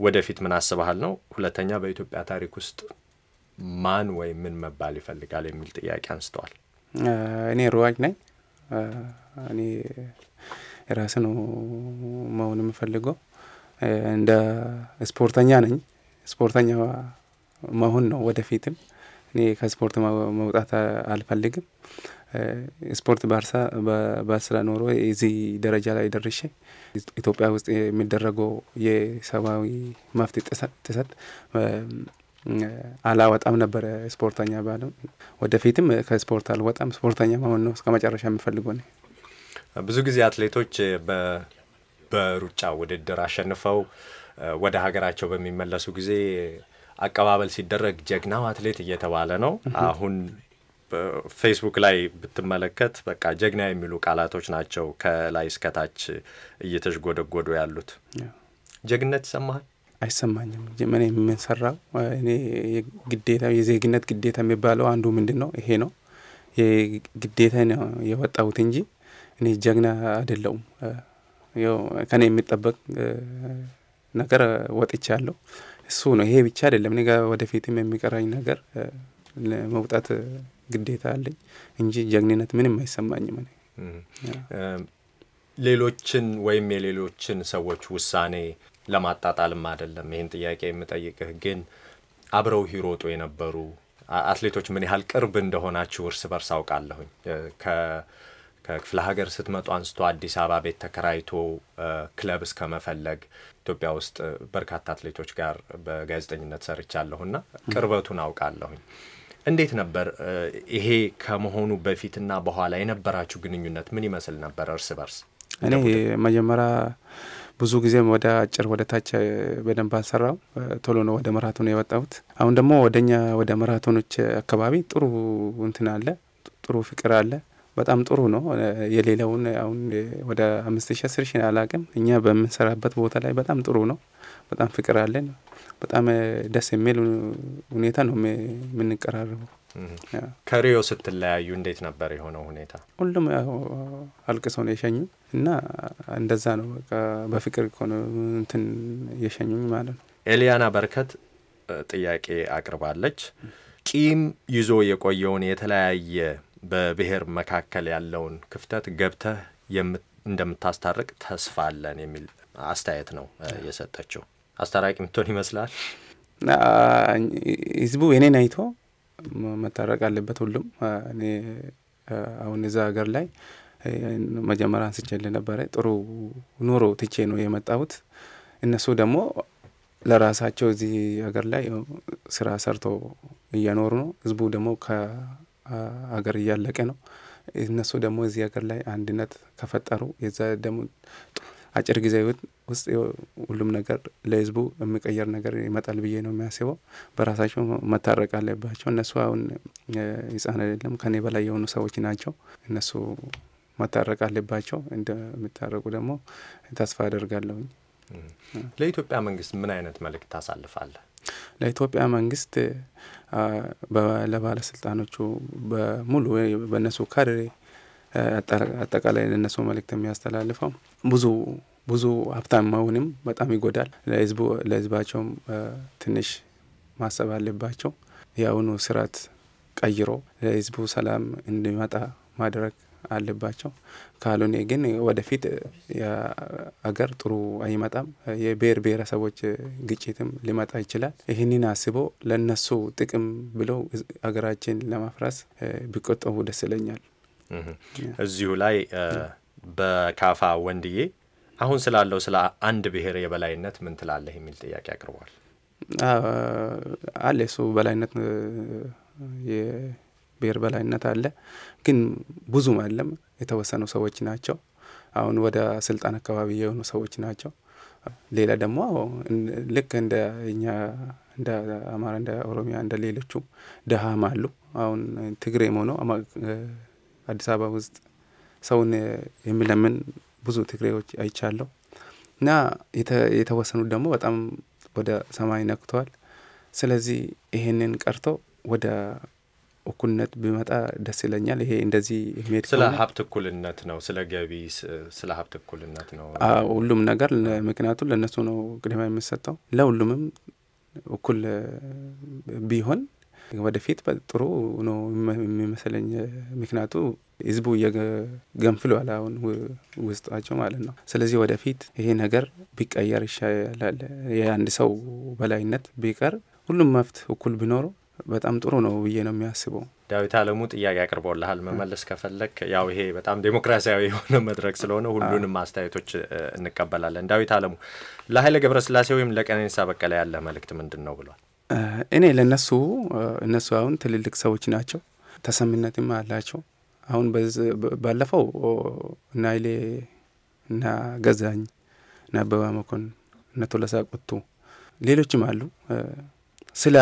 ወደፊት ምን አስበሃል ነው። ሁለተኛ በኢትዮጵያ ታሪክ ውስጥ ማን ወይም ምን መባል ይፈልጋል የሚል ጥያቄ አንስተዋል። እኔ ሩዋጅ ነኝ። እኔ የራስ ነው መሆን የምፈልገው። እንደ ስፖርተኛ ነኝ። ስፖርተኛ መሆን ነው ወደፊትም። እኔ ከስፖርት መውጣት አልፈልግም። ስፖርት ባርሳ ባስራ ኖሮ እዚህ ደረጃ ላይ ደርሼ ኢትዮጵያ ውስጥ የሚደረገው የሰብአዊ መፍት ጥሰት አላወጣም ነበረ ስፖርተኛ ባለ ወደፊትም ከስፖርት አልወጣም፣ ስፖርተኛ መሆን ነው እስከ መጨረሻ የምፈልገው። ብዙ ጊዜ አትሌቶች በሩጫ ውድድር አሸንፈው ወደ ሀገራቸው በሚመለሱ ጊዜ አቀባበል ሲደረግ ጀግናው አትሌት እየተባለ ነው። አሁን ፌስቡክ ላይ ብትመለከት በቃ ጀግና የሚሉ ቃላቶች ናቸው ከላይ እስከታች እየተሽጎደጎዱ ያሉት። ጀግነት ይሰማሃል? አይሰማኝም። ምን የምንሰራው እኔ ግዴታ የዜግነት ግዴታ የሚባለው አንዱ ምንድን ነው? ይሄ ነው ግዴታ ነው የወጣሁት እንጂ እኔ ጀግና አይደለውም። ከኔ የሚጠበቅ ነገር ወጥቻለሁ። እሱ ነው። ይሄ ብቻ አይደለም። እኔ ወደፊትም የሚቀረኝ ነገር መውጣት ግዴታ አለኝ እንጂ ጀግንነት ምንም አይሰማኝም። እኔ ሌሎችን ወይም የሌሎችን ሰዎች ውሳኔ ለማጣጣልም አይደለም ይህን ጥያቄ የምጠይቅህ፣ ግን አብረው ይሮጡ የነበሩ አትሌቶች ምን ያህል ቅርብ እንደሆናችሁ እርስ በርስ አውቃለሁኝ። ከክፍለ ሀገር ስትመጡ አንስቶ አዲስ አበባ ቤት ተከራይቶ ክለብ እስከ መፈለግ ኢትዮጵያ ውስጥ በርካታ አትሌቶች ጋር በጋዜጠኝነት ሰርቻለሁና ቅርበቱን አውቃለሁኝ። እንዴት ነበር ይሄ ከመሆኑ በፊትና በኋላ የነበራችሁ ግንኙነት ምን ይመስል ነበር እርስ በርስ? እኔ መጀመሪያ ብዙ ጊዜም ወደ አጭር ወደ ታች በደንብ አልሰራው ቶሎ ነው ወደ መራቶን የወጣሁት። አሁን ደግሞ ወደኛ ወደ መራቶኖች አካባቢ ጥሩ እንትን አለ፣ ጥሩ ፍቅር አለ። በጣም ጥሩ ነው። የሌላውን አሁን ወደ አምስት ሺ አስር ሺ አላቅም። እኛ በምንሰራበት ቦታ ላይ በጣም ጥሩ ነው። በጣም ፍቅር አለን። በጣም ደስ የሚል ሁኔታ ነው የምንቀራረበው። ከሪዮ ስትለያዩ እንዴት ነበር የሆነው ሁኔታ? ሁሉም አልቅሰው ነው የሸኙኝ እና እንደዛ ነው በቃ በፍቅር ከሆነ እንትን የሸኙኝ ማለት ነው። ኤልያና በርከት ጥያቄ አቅርባለች። ቂም ይዞ የቆየውን የተለያየ በብሔር መካከል ያለውን ክፍተት ገብተህ እንደምታስታርቅ ተስፋ አለን የሚል አስተያየት ነው የሰጠችው። አስታራቂ የምትሆን ይመስላል? ህዝቡ እኔን አይቶ መታረቅ አለበት ሁሉም። እኔ አሁን እዛ ሀገር ላይ መጀመሪያ አንስቼልህ ነበረ። ጥሩ ኑሮ ትቼ ነው የመጣሁት። እነሱ ደግሞ ለራሳቸው እዚህ ሀገር ላይ ስራ ሰርቶ እየኖሩ ነው። ህዝቡ ደግሞ ከሀገር እያለቀ ነው። እነሱ ደግሞ እዚህ ሀገር ላይ አንድነት ከፈጠሩ የዛ ደግሞ አጭር ጊዜ ውስጥ ሁሉም ነገር ለህዝቡ የሚቀየር ነገር ይመጣል ብዬ ነው የሚያስበው። በራሳቸው መታረቅ አለባቸው። እነሱ አሁን ህጻን አይደለም ከኔ በላይ የሆኑ ሰዎች ናቸው። እነሱ መታረቅ አለባቸው። እንደሚታረቁ ደግሞ ተስፋ አደርጋለሁኝ። ለኢትዮጵያ መንግስት ምን አይነት መልእክት ታሳልፋለ? ለኢትዮጵያ መንግስት ለባለስልጣኖቹ በሙሉ በእነሱ ካድሬ አጠቃላይ ለነሱ መልእክት የሚያስተላልፈው ብዙ ብዙ ሀብታም መሆንም በጣም ይጎዳል። ለህዝቡ ለህዝባቸውም ትንሽ ማሰብ አለባቸው። የአሁኑ ስርዓት ቀይሮ ለህዝቡ ሰላም እንዲመጣ ማድረግ አለባቸው። ካልሆነ ግን ወደፊት አገር ጥሩ አይመጣም። የብሔር ብሔረሰቦች ግጭትም ሊመጣ ይችላል። ይህንን አስቦ ለነሱ ጥቅም ብለው አገራችን ለማፍረስ ቢቆጠቡ ደስ ይለኛል። እዚሁ ላይ በካፋ ወንድዬ አሁን ስላለው ስለ አንድ ብሔር የበላይነት ምን ትላለህ የሚል ጥያቄ አቅርቧል። አለ እሱ በላይነት የብሔር በላይነት አለ፣ ግን ብዙም አለም። የተወሰኑ ሰዎች ናቸው። አሁን ወደ ስልጣን አካባቢ የሆኑ ሰዎች ናቸው። ሌላ ደግሞ ልክ እንደ እኛ እንደ አማራ፣ እንደ ኦሮሚያ፣ እንደ ሌሎቹ ደሃም አሉ። አሁን ትግሬም ሆነው አዲስ አበባ ውስጥ ሰውን የሚለምን ብዙ ትግሬዎች አይቻለሁ እና የተወሰኑት ደግሞ በጣም ወደ ሰማይ ነክተዋል። ስለዚህ ይሄንን ቀርቶ ወደ እኩልነት ቢመጣ ደስ ይለኛል። ይሄ እንደዚህ ሄድ ስለ ሀብት እኩልነት ነው፣ ስለ ገቢ፣ ስለ ሀብት እኩልነት ነው። ሁሉም ነገር ምክንያቱም ለእነሱ ነው ቅድሚያ የሚሰጠው። ለሁሉምም እኩል ቢሆን ወደፊት ጥሩ ነው የሚመስለኝ። ምክንያቱ ህዝቡ ገንፍሏል አሁን ውስጣቸው ማለት ነው። ስለዚህ ወደፊት ይሄ ነገር ቢቀየር ይሻላል። የአንድ ሰው በላይነት ቢቀር፣ ሁሉም መፍት እኩል ቢኖሩ በጣም ጥሩ ነው ብዬ ነው የሚያስበው። ዳዊት አለሙ ጥያቄ አቅርቦልሃል፣ መመለስ ከፈለክ ያው ይሄ በጣም ዴሞክራሲያዊ የሆነ መድረክ ስለሆነ ሁሉንም አስተያየቶች እንቀበላለን። ዳዊት አለሙ ለኃይለ ገብረስላሴ ወይም ለቀነኒሳ በቀለ ያለ መልእክት ምንድን ነው ብሏል? እኔ ለነሱ እነሱ አሁን ትልልቅ ሰዎች ናቸው፣ ተሰሚነትም አላቸው። አሁን ባለፈው እነ ኃይሌ እና ገዛኝ እና አበባ መኮን እነ ቶለሳ ሌሎችም አሉ። ስለ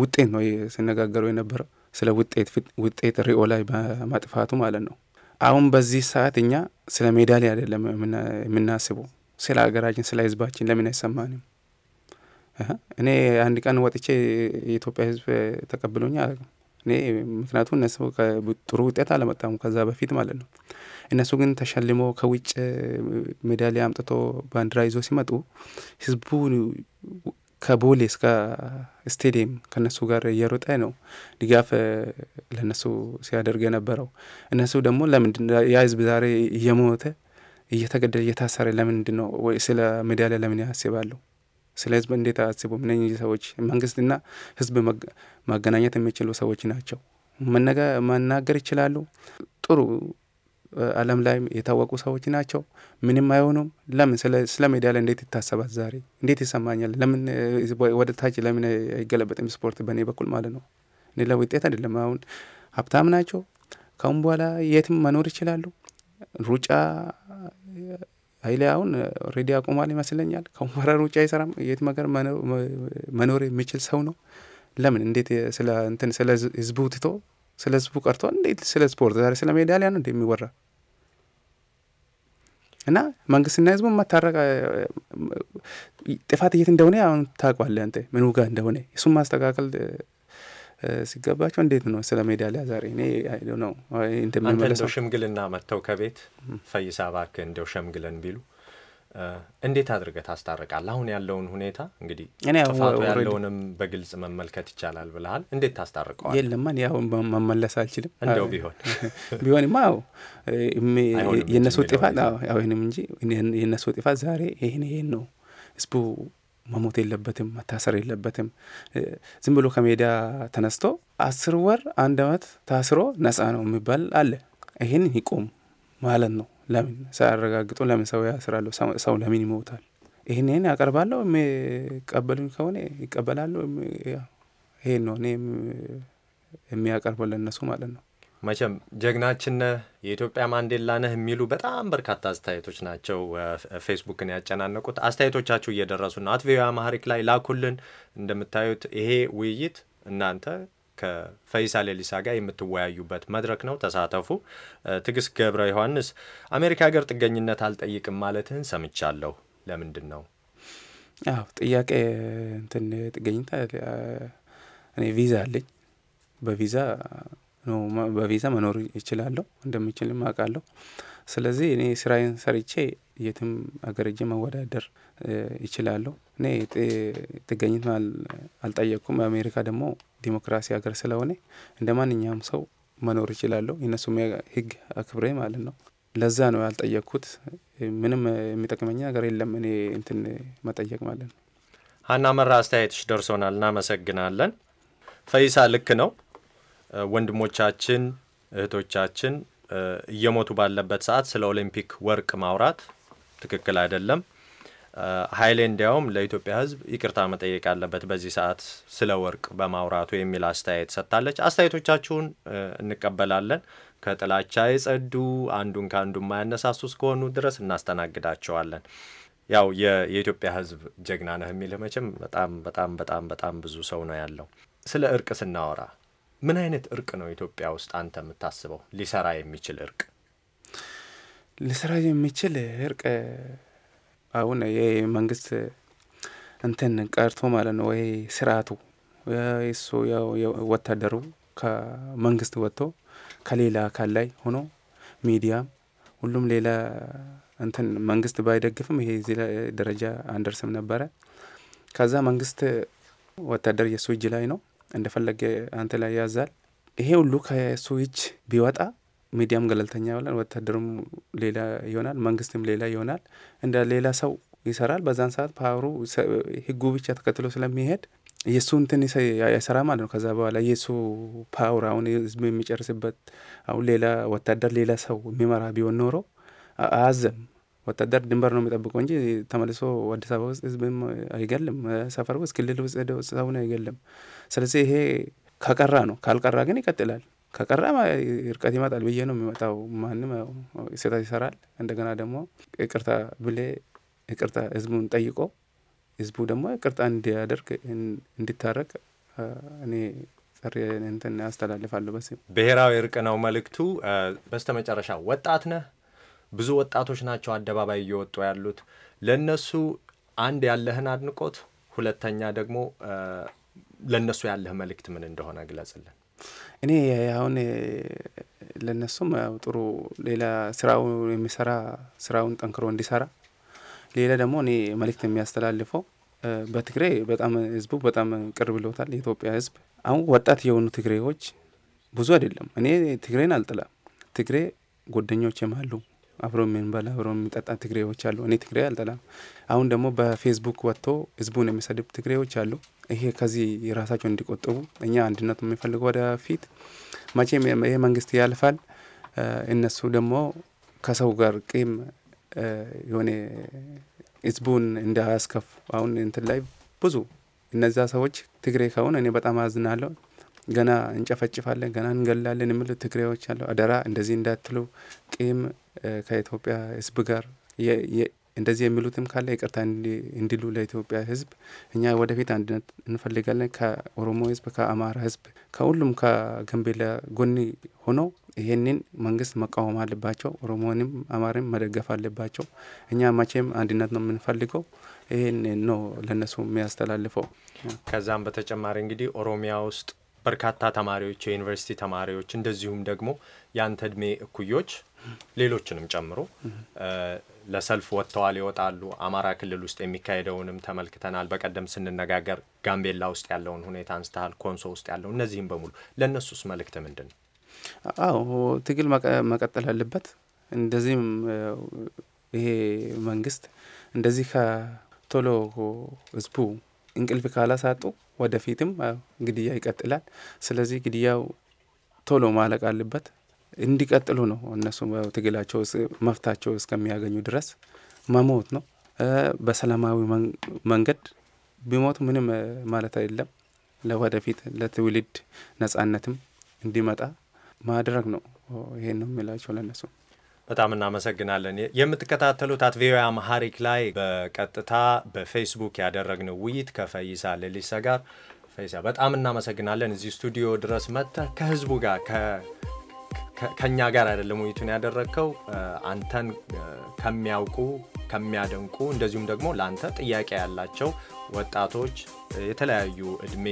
ውጤት ነው ሲነጋገሩ የነበረው ስለ ውጤት ውጤት ሪኦ ላይ በማጥፋቱ ማለት ነው። አሁን በዚህ ሰዓት እኛ ስለ ሜዳሊያ አይደለም የምናስበው፣ ስለ ሀገራችን ስለ ህዝባችን ለምን አይሰማንም? እኔ አንድ ቀን ወጥቼ የኢትዮጵያ ህዝብ ተቀብሎኝ አያውቅም። እኔ ምክንያቱም እነሱ ጥሩ ውጤት አለመጣም ከዛ በፊት ማለት ነው። እነሱ ግን ተሸልሞ ከውጭ ሜዳሊያ አምጥቶ ባንዲራ ይዞ ሲመጡ ህዝቡ ከቦሌ እስከ ስቴዲየም ከነሱ ጋር እየሮጠ ነው ድጋፍ ለነሱ ሲያደርግ የነበረው። እነሱ ደግሞ ለምንድን ያ ህዝብ ዛሬ እየሞተ እየተገደለ እየታሰረ ለምንድን ነው? ስለ ሜዳሊያ ለምን ያስባለሁ? ስለ ህዝብ እንዴት አያስቡም? እነኚህ ሰዎች መንግስትና ህዝብ ማገናኘት የሚችሉ ሰዎች ናቸው። መናገር ይችላሉ። ጥሩ አለም ላይ የታወቁ ሰዎች ናቸው። ምንም አይሆኑም። ለምን ስለ ሜዲያ ላይ እንዴት ይታሰባት ዛሬ እንዴት ይሰማኛል? ለምን ወደ ታች ለምን አይገለበጥም? ስፖርት በእኔ በኩል ማለት ነው። እኔ ለውጤት አይደለም። አሁን ሀብታም ናቸው። ካሁን በኋላ የትም መኖር ይችላሉ። ሩጫ ኃይሌ አሁን ሬዲ አቁሟል ይመስለኛል። ከመራር ውጭ አይሰራም። የት መገር መኖር የሚችል ሰው ነው። ለምን እንዴት ስለ እንትን ስለ ህዝቡ ትቶ ስለ ህዝቡ ቀርቶ እንዴት ስለ ስፖርት ዛሬ ስለ ሜዳሊያ ነው እንደሚወራ የሚወራ እና መንግስትና ህዝቡን መታረቅ ጥፋት የት እንደሆነ አሁን ታውቋለህ አንተ ምን ጋር እንደሆነ እሱም ማስተካከል ሲገባቸው እንዴት ነው ስለ ሜዳሊያ ዛሬ እኔ ነው እንደሚመለሰው ሽምግልና መጥተው ከቤት ፈይሳ እባክህ እንደው ሸምግለን ቢሉ እንዴት አድርገህ ታስታርቃለህ? አሁን ያለውን ሁኔታ እንግዲህ ጥፋቱ ያለውንም በግልጽ መመልከት ይቻላል ብለሃል። እንዴት ታስታርቀዋል? የለማን እኔ መመለስ አልችልም። እንደው ቢሆን ቢሆንማ ያው የእነሱ ጥፋት አዎ፣ እንጂ የእነሱ ጥፋት ዛሬ ይህን ይህን ነው ህዝቡ መሞት የለበትም፣ መታሰር የለበትም። ዝም ብሎ ከሜዳ ተነስቶ አስር ወር አንድ አመት ታስሮ ነጻ ነው የሚባል አለ። ይህን ይቆም ማለት ነው። ለምን ሳያረጋግጡ ለምን ሰው ያስራለሁ ሰው ለምን ይሞታል? ይህን ይህን ያቀርባለሁ የሚቀበሉኝ ከሆነ ይቀበላሉ። ይሄን ነው እኔ የሚያቀርበው ለእነሱ ማለት ነው። መቼም ጀግናችን ነህ የኢትዮጵያ ማንዴላ ነህ የሚሉ በጣም በርካታ አስተያየቶች ናቸው ፌስቡክን ያጨናነቁት። አስተያየቶቻችሁ እየደረሱ ነው። አት ቪኦኤ አማሪክ ላይ ላኩልን። እንደምታዩት ይሄ ውይይት እናንተ ከፈይሳ ሌሊሳ ጋር የምትወያዩበት መድረክ ነው። ተሳተፉ። ትዕግስት ገብረ ዮሐንስ አሜሪካ ሀገር ጥገኝነት አልጠይቅም ማለትህን ሰምቻለሁ። ለምንድን ነው? አዎ ጥያቄ እንትን ጥገኝነት እኔ ቪዛ አለኝ በቪዛ ነው በቪዛ መኖር ይችላለሁ እንደምችልም አውቃለሁ። ስለዚህ እኔ ስራዬን ሰርቼ የትም አገር ሄጄ መወዳደር ይችላለሁ እኔ ጥገኝት አልጠየኩም አሜሪካ ደግሞ ዲሞክራሲ ሀገር ስለሆነ እንደማንኛውም ሰው መኖር ይችላለሁ የነሱም ህግ አክብሬ ማለት ነው። ለዛ ነው ያልጠየኩት ምንም የሚጠቅመኝ ነገር የለም። እኔ እንትን መጠየቅ ማለት ነው። ሀና መራ አስተያየትሽ ደርሶናል እናመሰግናለን። ፈይሳ ልክ ነው። ወንድሞቻችን እህቶቻችን እየሞቱ ባለበት ሰዓት ስለ ኦሊምፒክ ወርቅ ማውራት ትክክል አይደለም። ሀይሌ እንዲያውም ለኢትዮጵያ ሕዝብ ይቅርታ መጠየቅ ያለበት በዚህ ሰዓት ስለ ወርቅ በማውራቱ የሚል አስተያየት ሰጥታለች። አስተያየቶቻችሁን እንቀበላለን። ከጥላቻ የጸዱ አንዱን ከአንዱ የማያነሳሱ እስከሆኑ ድረስ እናስተናግዳቸዋለን። ያው የኢትዮጵያ ሕዝብ ጀግና ነህ የሚልህ መቼም በጣም በጣም በጣም በጣም ብዙ ሰው ነው ያለው። ስለ እርቅ ስናወራ ምን አይነት እርቅ ነው ኢትዮጵያ ውስጥ አንተ የምታስበው ሊሰራ የሚችል እርቅ? ሊሰራ የሚችል እርቅ አሁን የመንግስት እንትን ቀርቶ ማለት ነው ወይ ስርዓቱ እሱ ወታደሩ ከመንግስት ወጥቶ ከሌላ አካል ላይ ሆኖ ሚዲያም ሁሉም ሌላ እንትን መንግስት ባይደግፍም ይሄ ዚ ደረጃ አንደርስም ነበረ። ከዛ መንግስት ወታደር የሱ እጅ ላይ ነው እንደፈለገ አንተ ላይ ያዛል። ይሄ ሁሉ ከሱ እጅ ቢወጣ ሚዲያም ገለልተኛ ይሆናል፣ ወታደርም ሌላ ይሆናል፣ መንግስትም ሌላ ይሆናል። እንደ ሌላ ሰው ይሰራል። በዛን ሰዓት ፓወሩ ህጉ ብቻ ተከትሎ ስለሚሄድ የእሱ እንትን ይሰራ ማለት ነው። ከዛ በኋላ የእሱ ፓወር አሁን ህዝብ የሚጨርስበት አሁን ሌላ ወታደር ሌላ ሰው የሚመራ ቢሆን ኖሮ አያዘም ወታደር ድንበር ነው የሚጠብቀው እንጂ ተመልሶ አዲስ አበባ ውስጥ ህዝብም አይገልም፣ ሰፈር ውስጥ ክልል ውስጥ ሄደው ሰውን አይገልም። ስለዚህ ይሄ ከቀራ ነው። ካልቀራ ግን ይቀጥላል። ከቀራ እርቀት ይመጣል ብዬ ነው የሚመጣው። ማንም ስህተት ይሰራል። እንደገና ደግሞ ይቅርታ ብሌ ይቅርታ ህዝቡን ጠይቆ ህዝቡ ደግሞ ይቅርታ እንዲያደርግ እንዲታረቅ እኔ ጥሪ እንትን አስተላልፋለሁ። በስ ብሔራዊ እርቅ ነው መልእክቱ። በስተመጨረሻ ወጣት ነህ ብዙ ወጣቶች ናቸው አደባባይ እየወጡ ያሉት። ለእነሱ አንድ ያለህን አድንቆት፣ ሁለተኛ ደግሞ ለእነሱ ያለህ መልእክት ምን እንደሆነ ግለጽልን። እኔ አሁን ለእነሱም ጥሩ ሌላ ስራው የሚሰራ ስራውን ጠንክሮ እንዲሰራ፣ ሌላ ደግሞ እኔ መልእክት የሚያስተላልፈው በትግሬ በጣም ህዝቡ በጣም ቅርብ ብሎታል። የኢትዮጵያ ህዝብ አሁን ወጣት የሆኑ ትግሬዎች ብዙ አይደለም። እኔ ትግሬን አልጥላም። ትግሬ ጓደኞችም አሉ አብሮ የሚንበላ አብሮ የሚጠጣ ትግሬዎች አሉ። እኔ ትግሬ አልጠላም። አሁን ደግሞ በፌስቡክ ወጥቶ ህዝቡን የሚሰድብ ትግሬዎች አሉ። ይሄ ከዚህ የራሳቸውን እንዲቆጥቡ እኛ አንድነቱ የሚፈልገው ወደፊት መቼም ይሄ መንግስት ያልፋል። እነሱ ደግሞ ከሰው ጋር ቂም የሆነ ህዝቡን እንዳያስከፉ አሁን እንትን ላይ ብዙ እነዛ ሰዎች ትግሬ ከሆነ እኔ በጣም አዝናለሁ። ገና እንጨፈጭፋለን፣ ገና እንገላለን የሚሉ ትግሬዎች አለው። አደራ እንደዚህ እንዳትሉ፣ ቂም ከኢትዮጵያ ሕዝብ ጋር እንደዚህ የሚሉትም ካለ ይቅርታ እንዲሉ ለኢትዮጵያ ሕዝብ እኛ ወደፊት አንድነት እንፈልጋለን። ከኦሮሞ ሕዝብ፣ ከአማራ ሕዝብ፣ ከሁሉም ከገንቤላ ጎን ሆኖ ይሄንን መንግስት መቃወም አለባቸው። ኦሮሞንም አማርም መደገፍ አለባቸው። እኛ መቼም አንድነት ነው የምንፈልገው። ይሄን ነው ለእነሱ የሚያስተላልፈው። ከዛም በተጨማሪ እንግዲህ ኦሮሚያ ውስጥ በርካታ ተማሪዎች የዩኒቨርሲቲ ተማሪዎች እንደዚሁም ደግሞ የአንተ እድሜ እኩዮች ሌሎችንም ጨምሮ ለሰልፍ ወጥተዋል፣ ይወጣሉ። አማራ ክልል ውስጥ የሚካሄደውንም ተመልክተናል። በቀደም ስንነጋገር ጋምቤላ ውስጥ ያለውን ሁኔታ አንስተሃል፣ ኮንሶ ውስጥ ያለው እነዚህም በሙሉ ለእነሱስ መልእክት ምንድን ነው? አዎ ትግል መቀጠል አለበት። እንደዚህም ይሄ መንግስት እንደዚህ ከቶሎ ህዝቡ እንቅልፍ ካላሳጡ ወደፊትም ግድያ ይቀጥላል። ስለዚህ ግድያው ቶሎ ማለቅ አለበት። እንዲቀጥሉ ነው እነሱ ትግላቸው መፍታቸው እስከሚያገኙ ድረስ መሞት ነው። በሰላማዊ መንገድ ቢሞቱ ምንም ማለት አይደለም። ለወደፊት ለትውልድ ነጻነትም እንዲመጣ ማድረግ ነው። ይሄን ነው የሚላቸው ለነሱ። በጣም እናመሰግናለን። የምትከታተሉት አት ቪኦኤ አማሃሪክ ላይ በቀጥታ በፌስቡክ ያደረግነው ውይይት ከፈይሳ ሌሊሳ ጋር። ፈይሳ በጣም እናመሰግናለን። እዚህ ስቱዲዮ ድረስ መጥተህ ከህዝቡ ጋር ከእኛ ጋር አይደለም ውይይቱን ያደረግከው አንተን ከሚያውቁ ከሚያደንቁ እንደዚሁም ደግሞ ለአንተ ጥያቄ ያላቸው ወጣቶች የተለያዩ እድሜ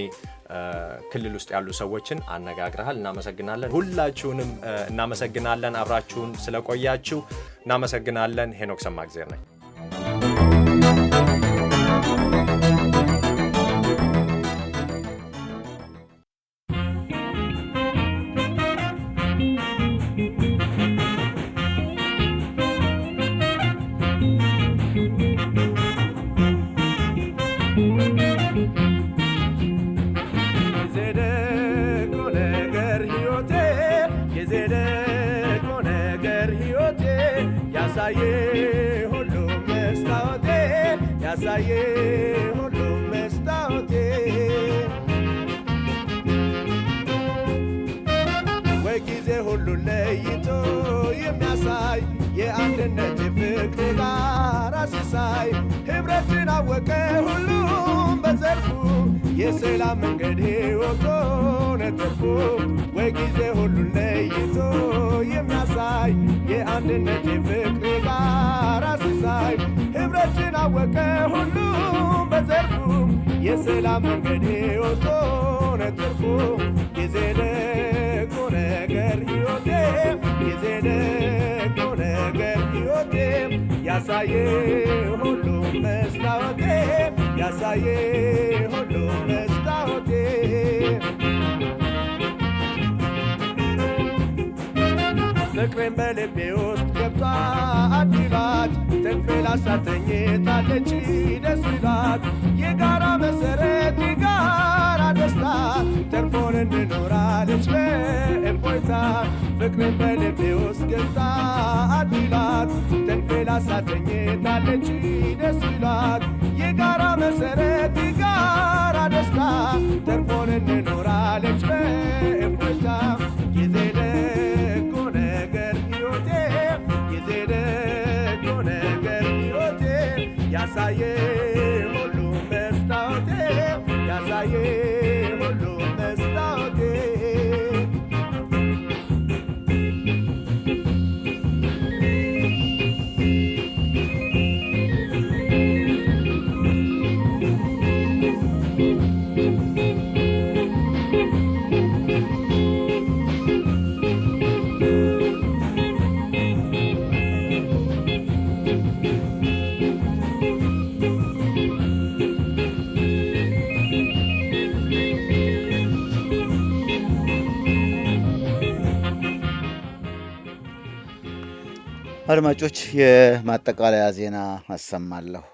ክልል ውስጥ ያሉ ሰዎችን አነጋግረሃል። እናመሰግናለን። ሁላችሁንም እናመሰግናለን። አብራችሁን ስለቆያችሁ እናመሰግናለን። ሄኖክ ሰማእግዜር ነኝ። በሰላም መንገዴ ወጥቶ ነትርፉ ጊዜ ደጎ ነገር ሕይወቴ ጊዜ ደጎ ነገር ሕይወቴ ያሳየ ሁሉ መስታወቴ ያሳየ ሁሉ መስታወቴ ፍቅሬን በልቤ ውስጥ ገብቷ አዲባት ደንፌላ ሳተኝታለች ደስ ይላት የጋራ መሰረት የጋራ ደስታ ተርፎን እንኖራለች በእፎይታ ፍቅርን በልቤ ውስጥ ገብታ አድላት ደንፌላ ሳተኝታለች ደስ ይላት የጋራ መሰረት የጋራ ደስታ ተርፎን እንኖራለች በእፎይታ ça y est, mon loup I'm አድማጮች የማጠቃለያ ዜና አሰማለሁ።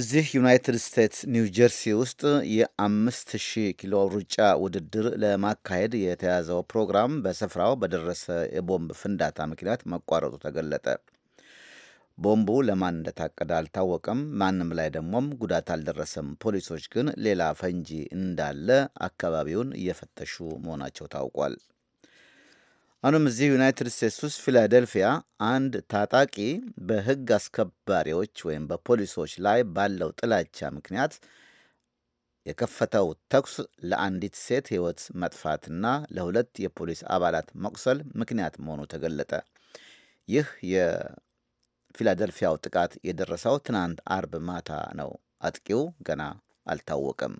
እዚህ ዩናይትድ ስቴትስ ኒው ጀርሲ ውስጥ የአምስት ሺህ ኪሎ ሩጫ ውድድር ለማካሄድ የተያዘው ፕሮግራም በስፍራው በደረሰ የቦምብ ፍንዳታ ምክንያት መቋረጡ ተገለጠ። ቦምቡ ለማን እንደታቀደ አልታወቀም። ማንም ላይ ደግሞም ጉዳት አልደረሰም። ፖሊሶች ግን ሌላ ፈንጂ እንዳለ አካባቢውን እየፈተሹ መሆናቸው ታውቋል። አሁንም እዚህ ዩናይትድ ስቴትስ ውስጥ ፊላደልፊያ አንድ ታጣቂ በሕግ አስከባሪዎች ወይም በፖሊሶች ላይ ባለው ጥላቻ ምክንያት የከፈተው ተኩስ ለአንዲት ሴት ሕይወት መጥፋትና ለሁለት የፖሊስ አባላት መቁሰል ምክንያት መሆኑ ተገለጠ። ይህ የፊላደልፊያው ጥቃት የደረሰው ትናንት አርብ ማታ ነው። አጥቂው ገና አልታወቀም።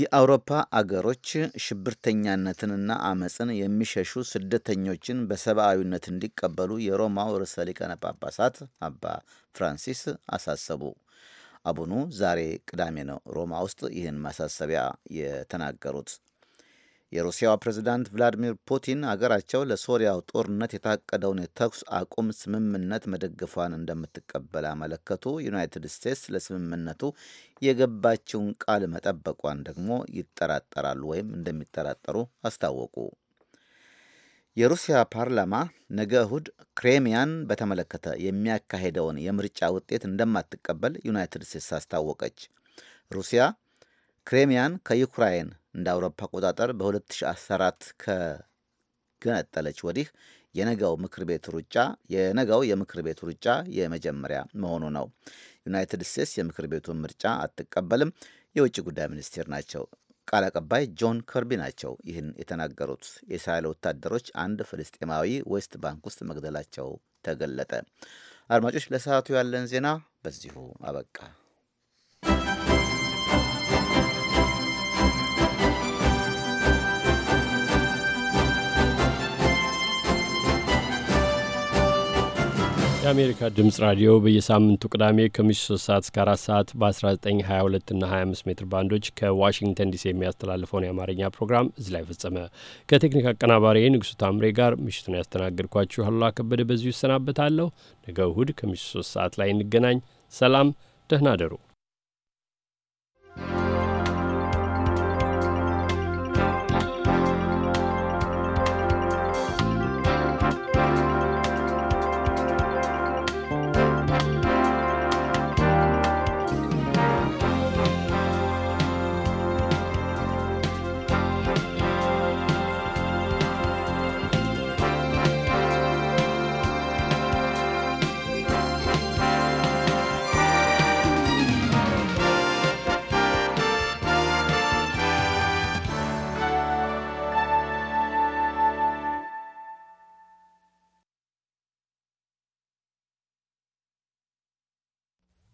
የአውሮፓ አገሮች ሽብርተኛነትንና አመፅን የሚሸሹ ስደተኞችን በሰብአዊነት እንዲቀበሉ የሮማው ርዕሰ ሊቀነ ጳጳሳት አባ ፍራንሲስ አሳሰቡ። አቡኑ ዛሬ ቅዳሜ ነው ሮማ ውስጥ ይህን ማሳሰቢያ የተናገሩት። የሩሲያው ፕሬዝዳንት ቭላዲሚር ፑቲን አገራቸው ለሶሪያው ጦርነት የታቀደውን የተኩስ አቁም ስምምነት መደገፏን እንደምትቀበል አመለከቱ። ዩናይትድ ስቴትስ ለስምምነቱ የገባችውን ቃል መጠበቋን ደግሞ ይጠራጠራሉ ወይም እንደሚጠራጠሩ አስታወቁ። የሩሲያ ፓርላማ ነገ እሁድ ክሬሚያን በተመለከተ የሚያካሄደውን የምርጫ ውጤት እንደማትቀበል ዩናይትድ ስቴትስ አስታወቀች። ሩሲያ ክሬሚያን ከዩክራይን እንደ አውሮፓ አቆጣጠር በ2014 ከገነጠለች ወዲህ የነገው ምክር ቤት ሩጫ የነገው የምክር ቤት ሩጫ የመጀመሪያ መሆኑ ነው። ዩናይትድ ስቴትስ የምክር ቤቱን ምርጫ አትቀበልም። የውጭ ጉዳይ ሚኒስቴር ናቸው ቃል አቀባይ ጆን ከርቢ ናቸው ይህን የተናገሩት። የእስራኤል ወታደሮች አንድ ፍልስጤማዊ ዌስት ባንክ ውስጥ መግደላቸው ተገለጠ። አድማጮች፣ ለሰዓቱ ያለን ዜና በዚሁ አበቃ። የአሜሪካ ድምፅ ራዲዮ በየሳምንቱ ቅዳሜ ከምሽቱ 3 ሰዓት እስከ 4 ሰዓት በ1922 እና 25 ሜትር ባንዶች ከዋሽንግተን ዲሲ የሚያስተላልፈውን የአማርኛ ፕሮግራም እዚህ ላይ ፈጸመ። ከቴክኒክ አቀናባሪ ንጉሱ ታምሬ ጋር ምሽቱን ያስተናግድኳችሁ አሉላ ከበደ በዚሁ ይሰናበታለሁ። ነገ እሁድ ከምሽቱ 3 ሰዓት ላይ እንገናኝ። ሰላም፣ ደህና ደሩ።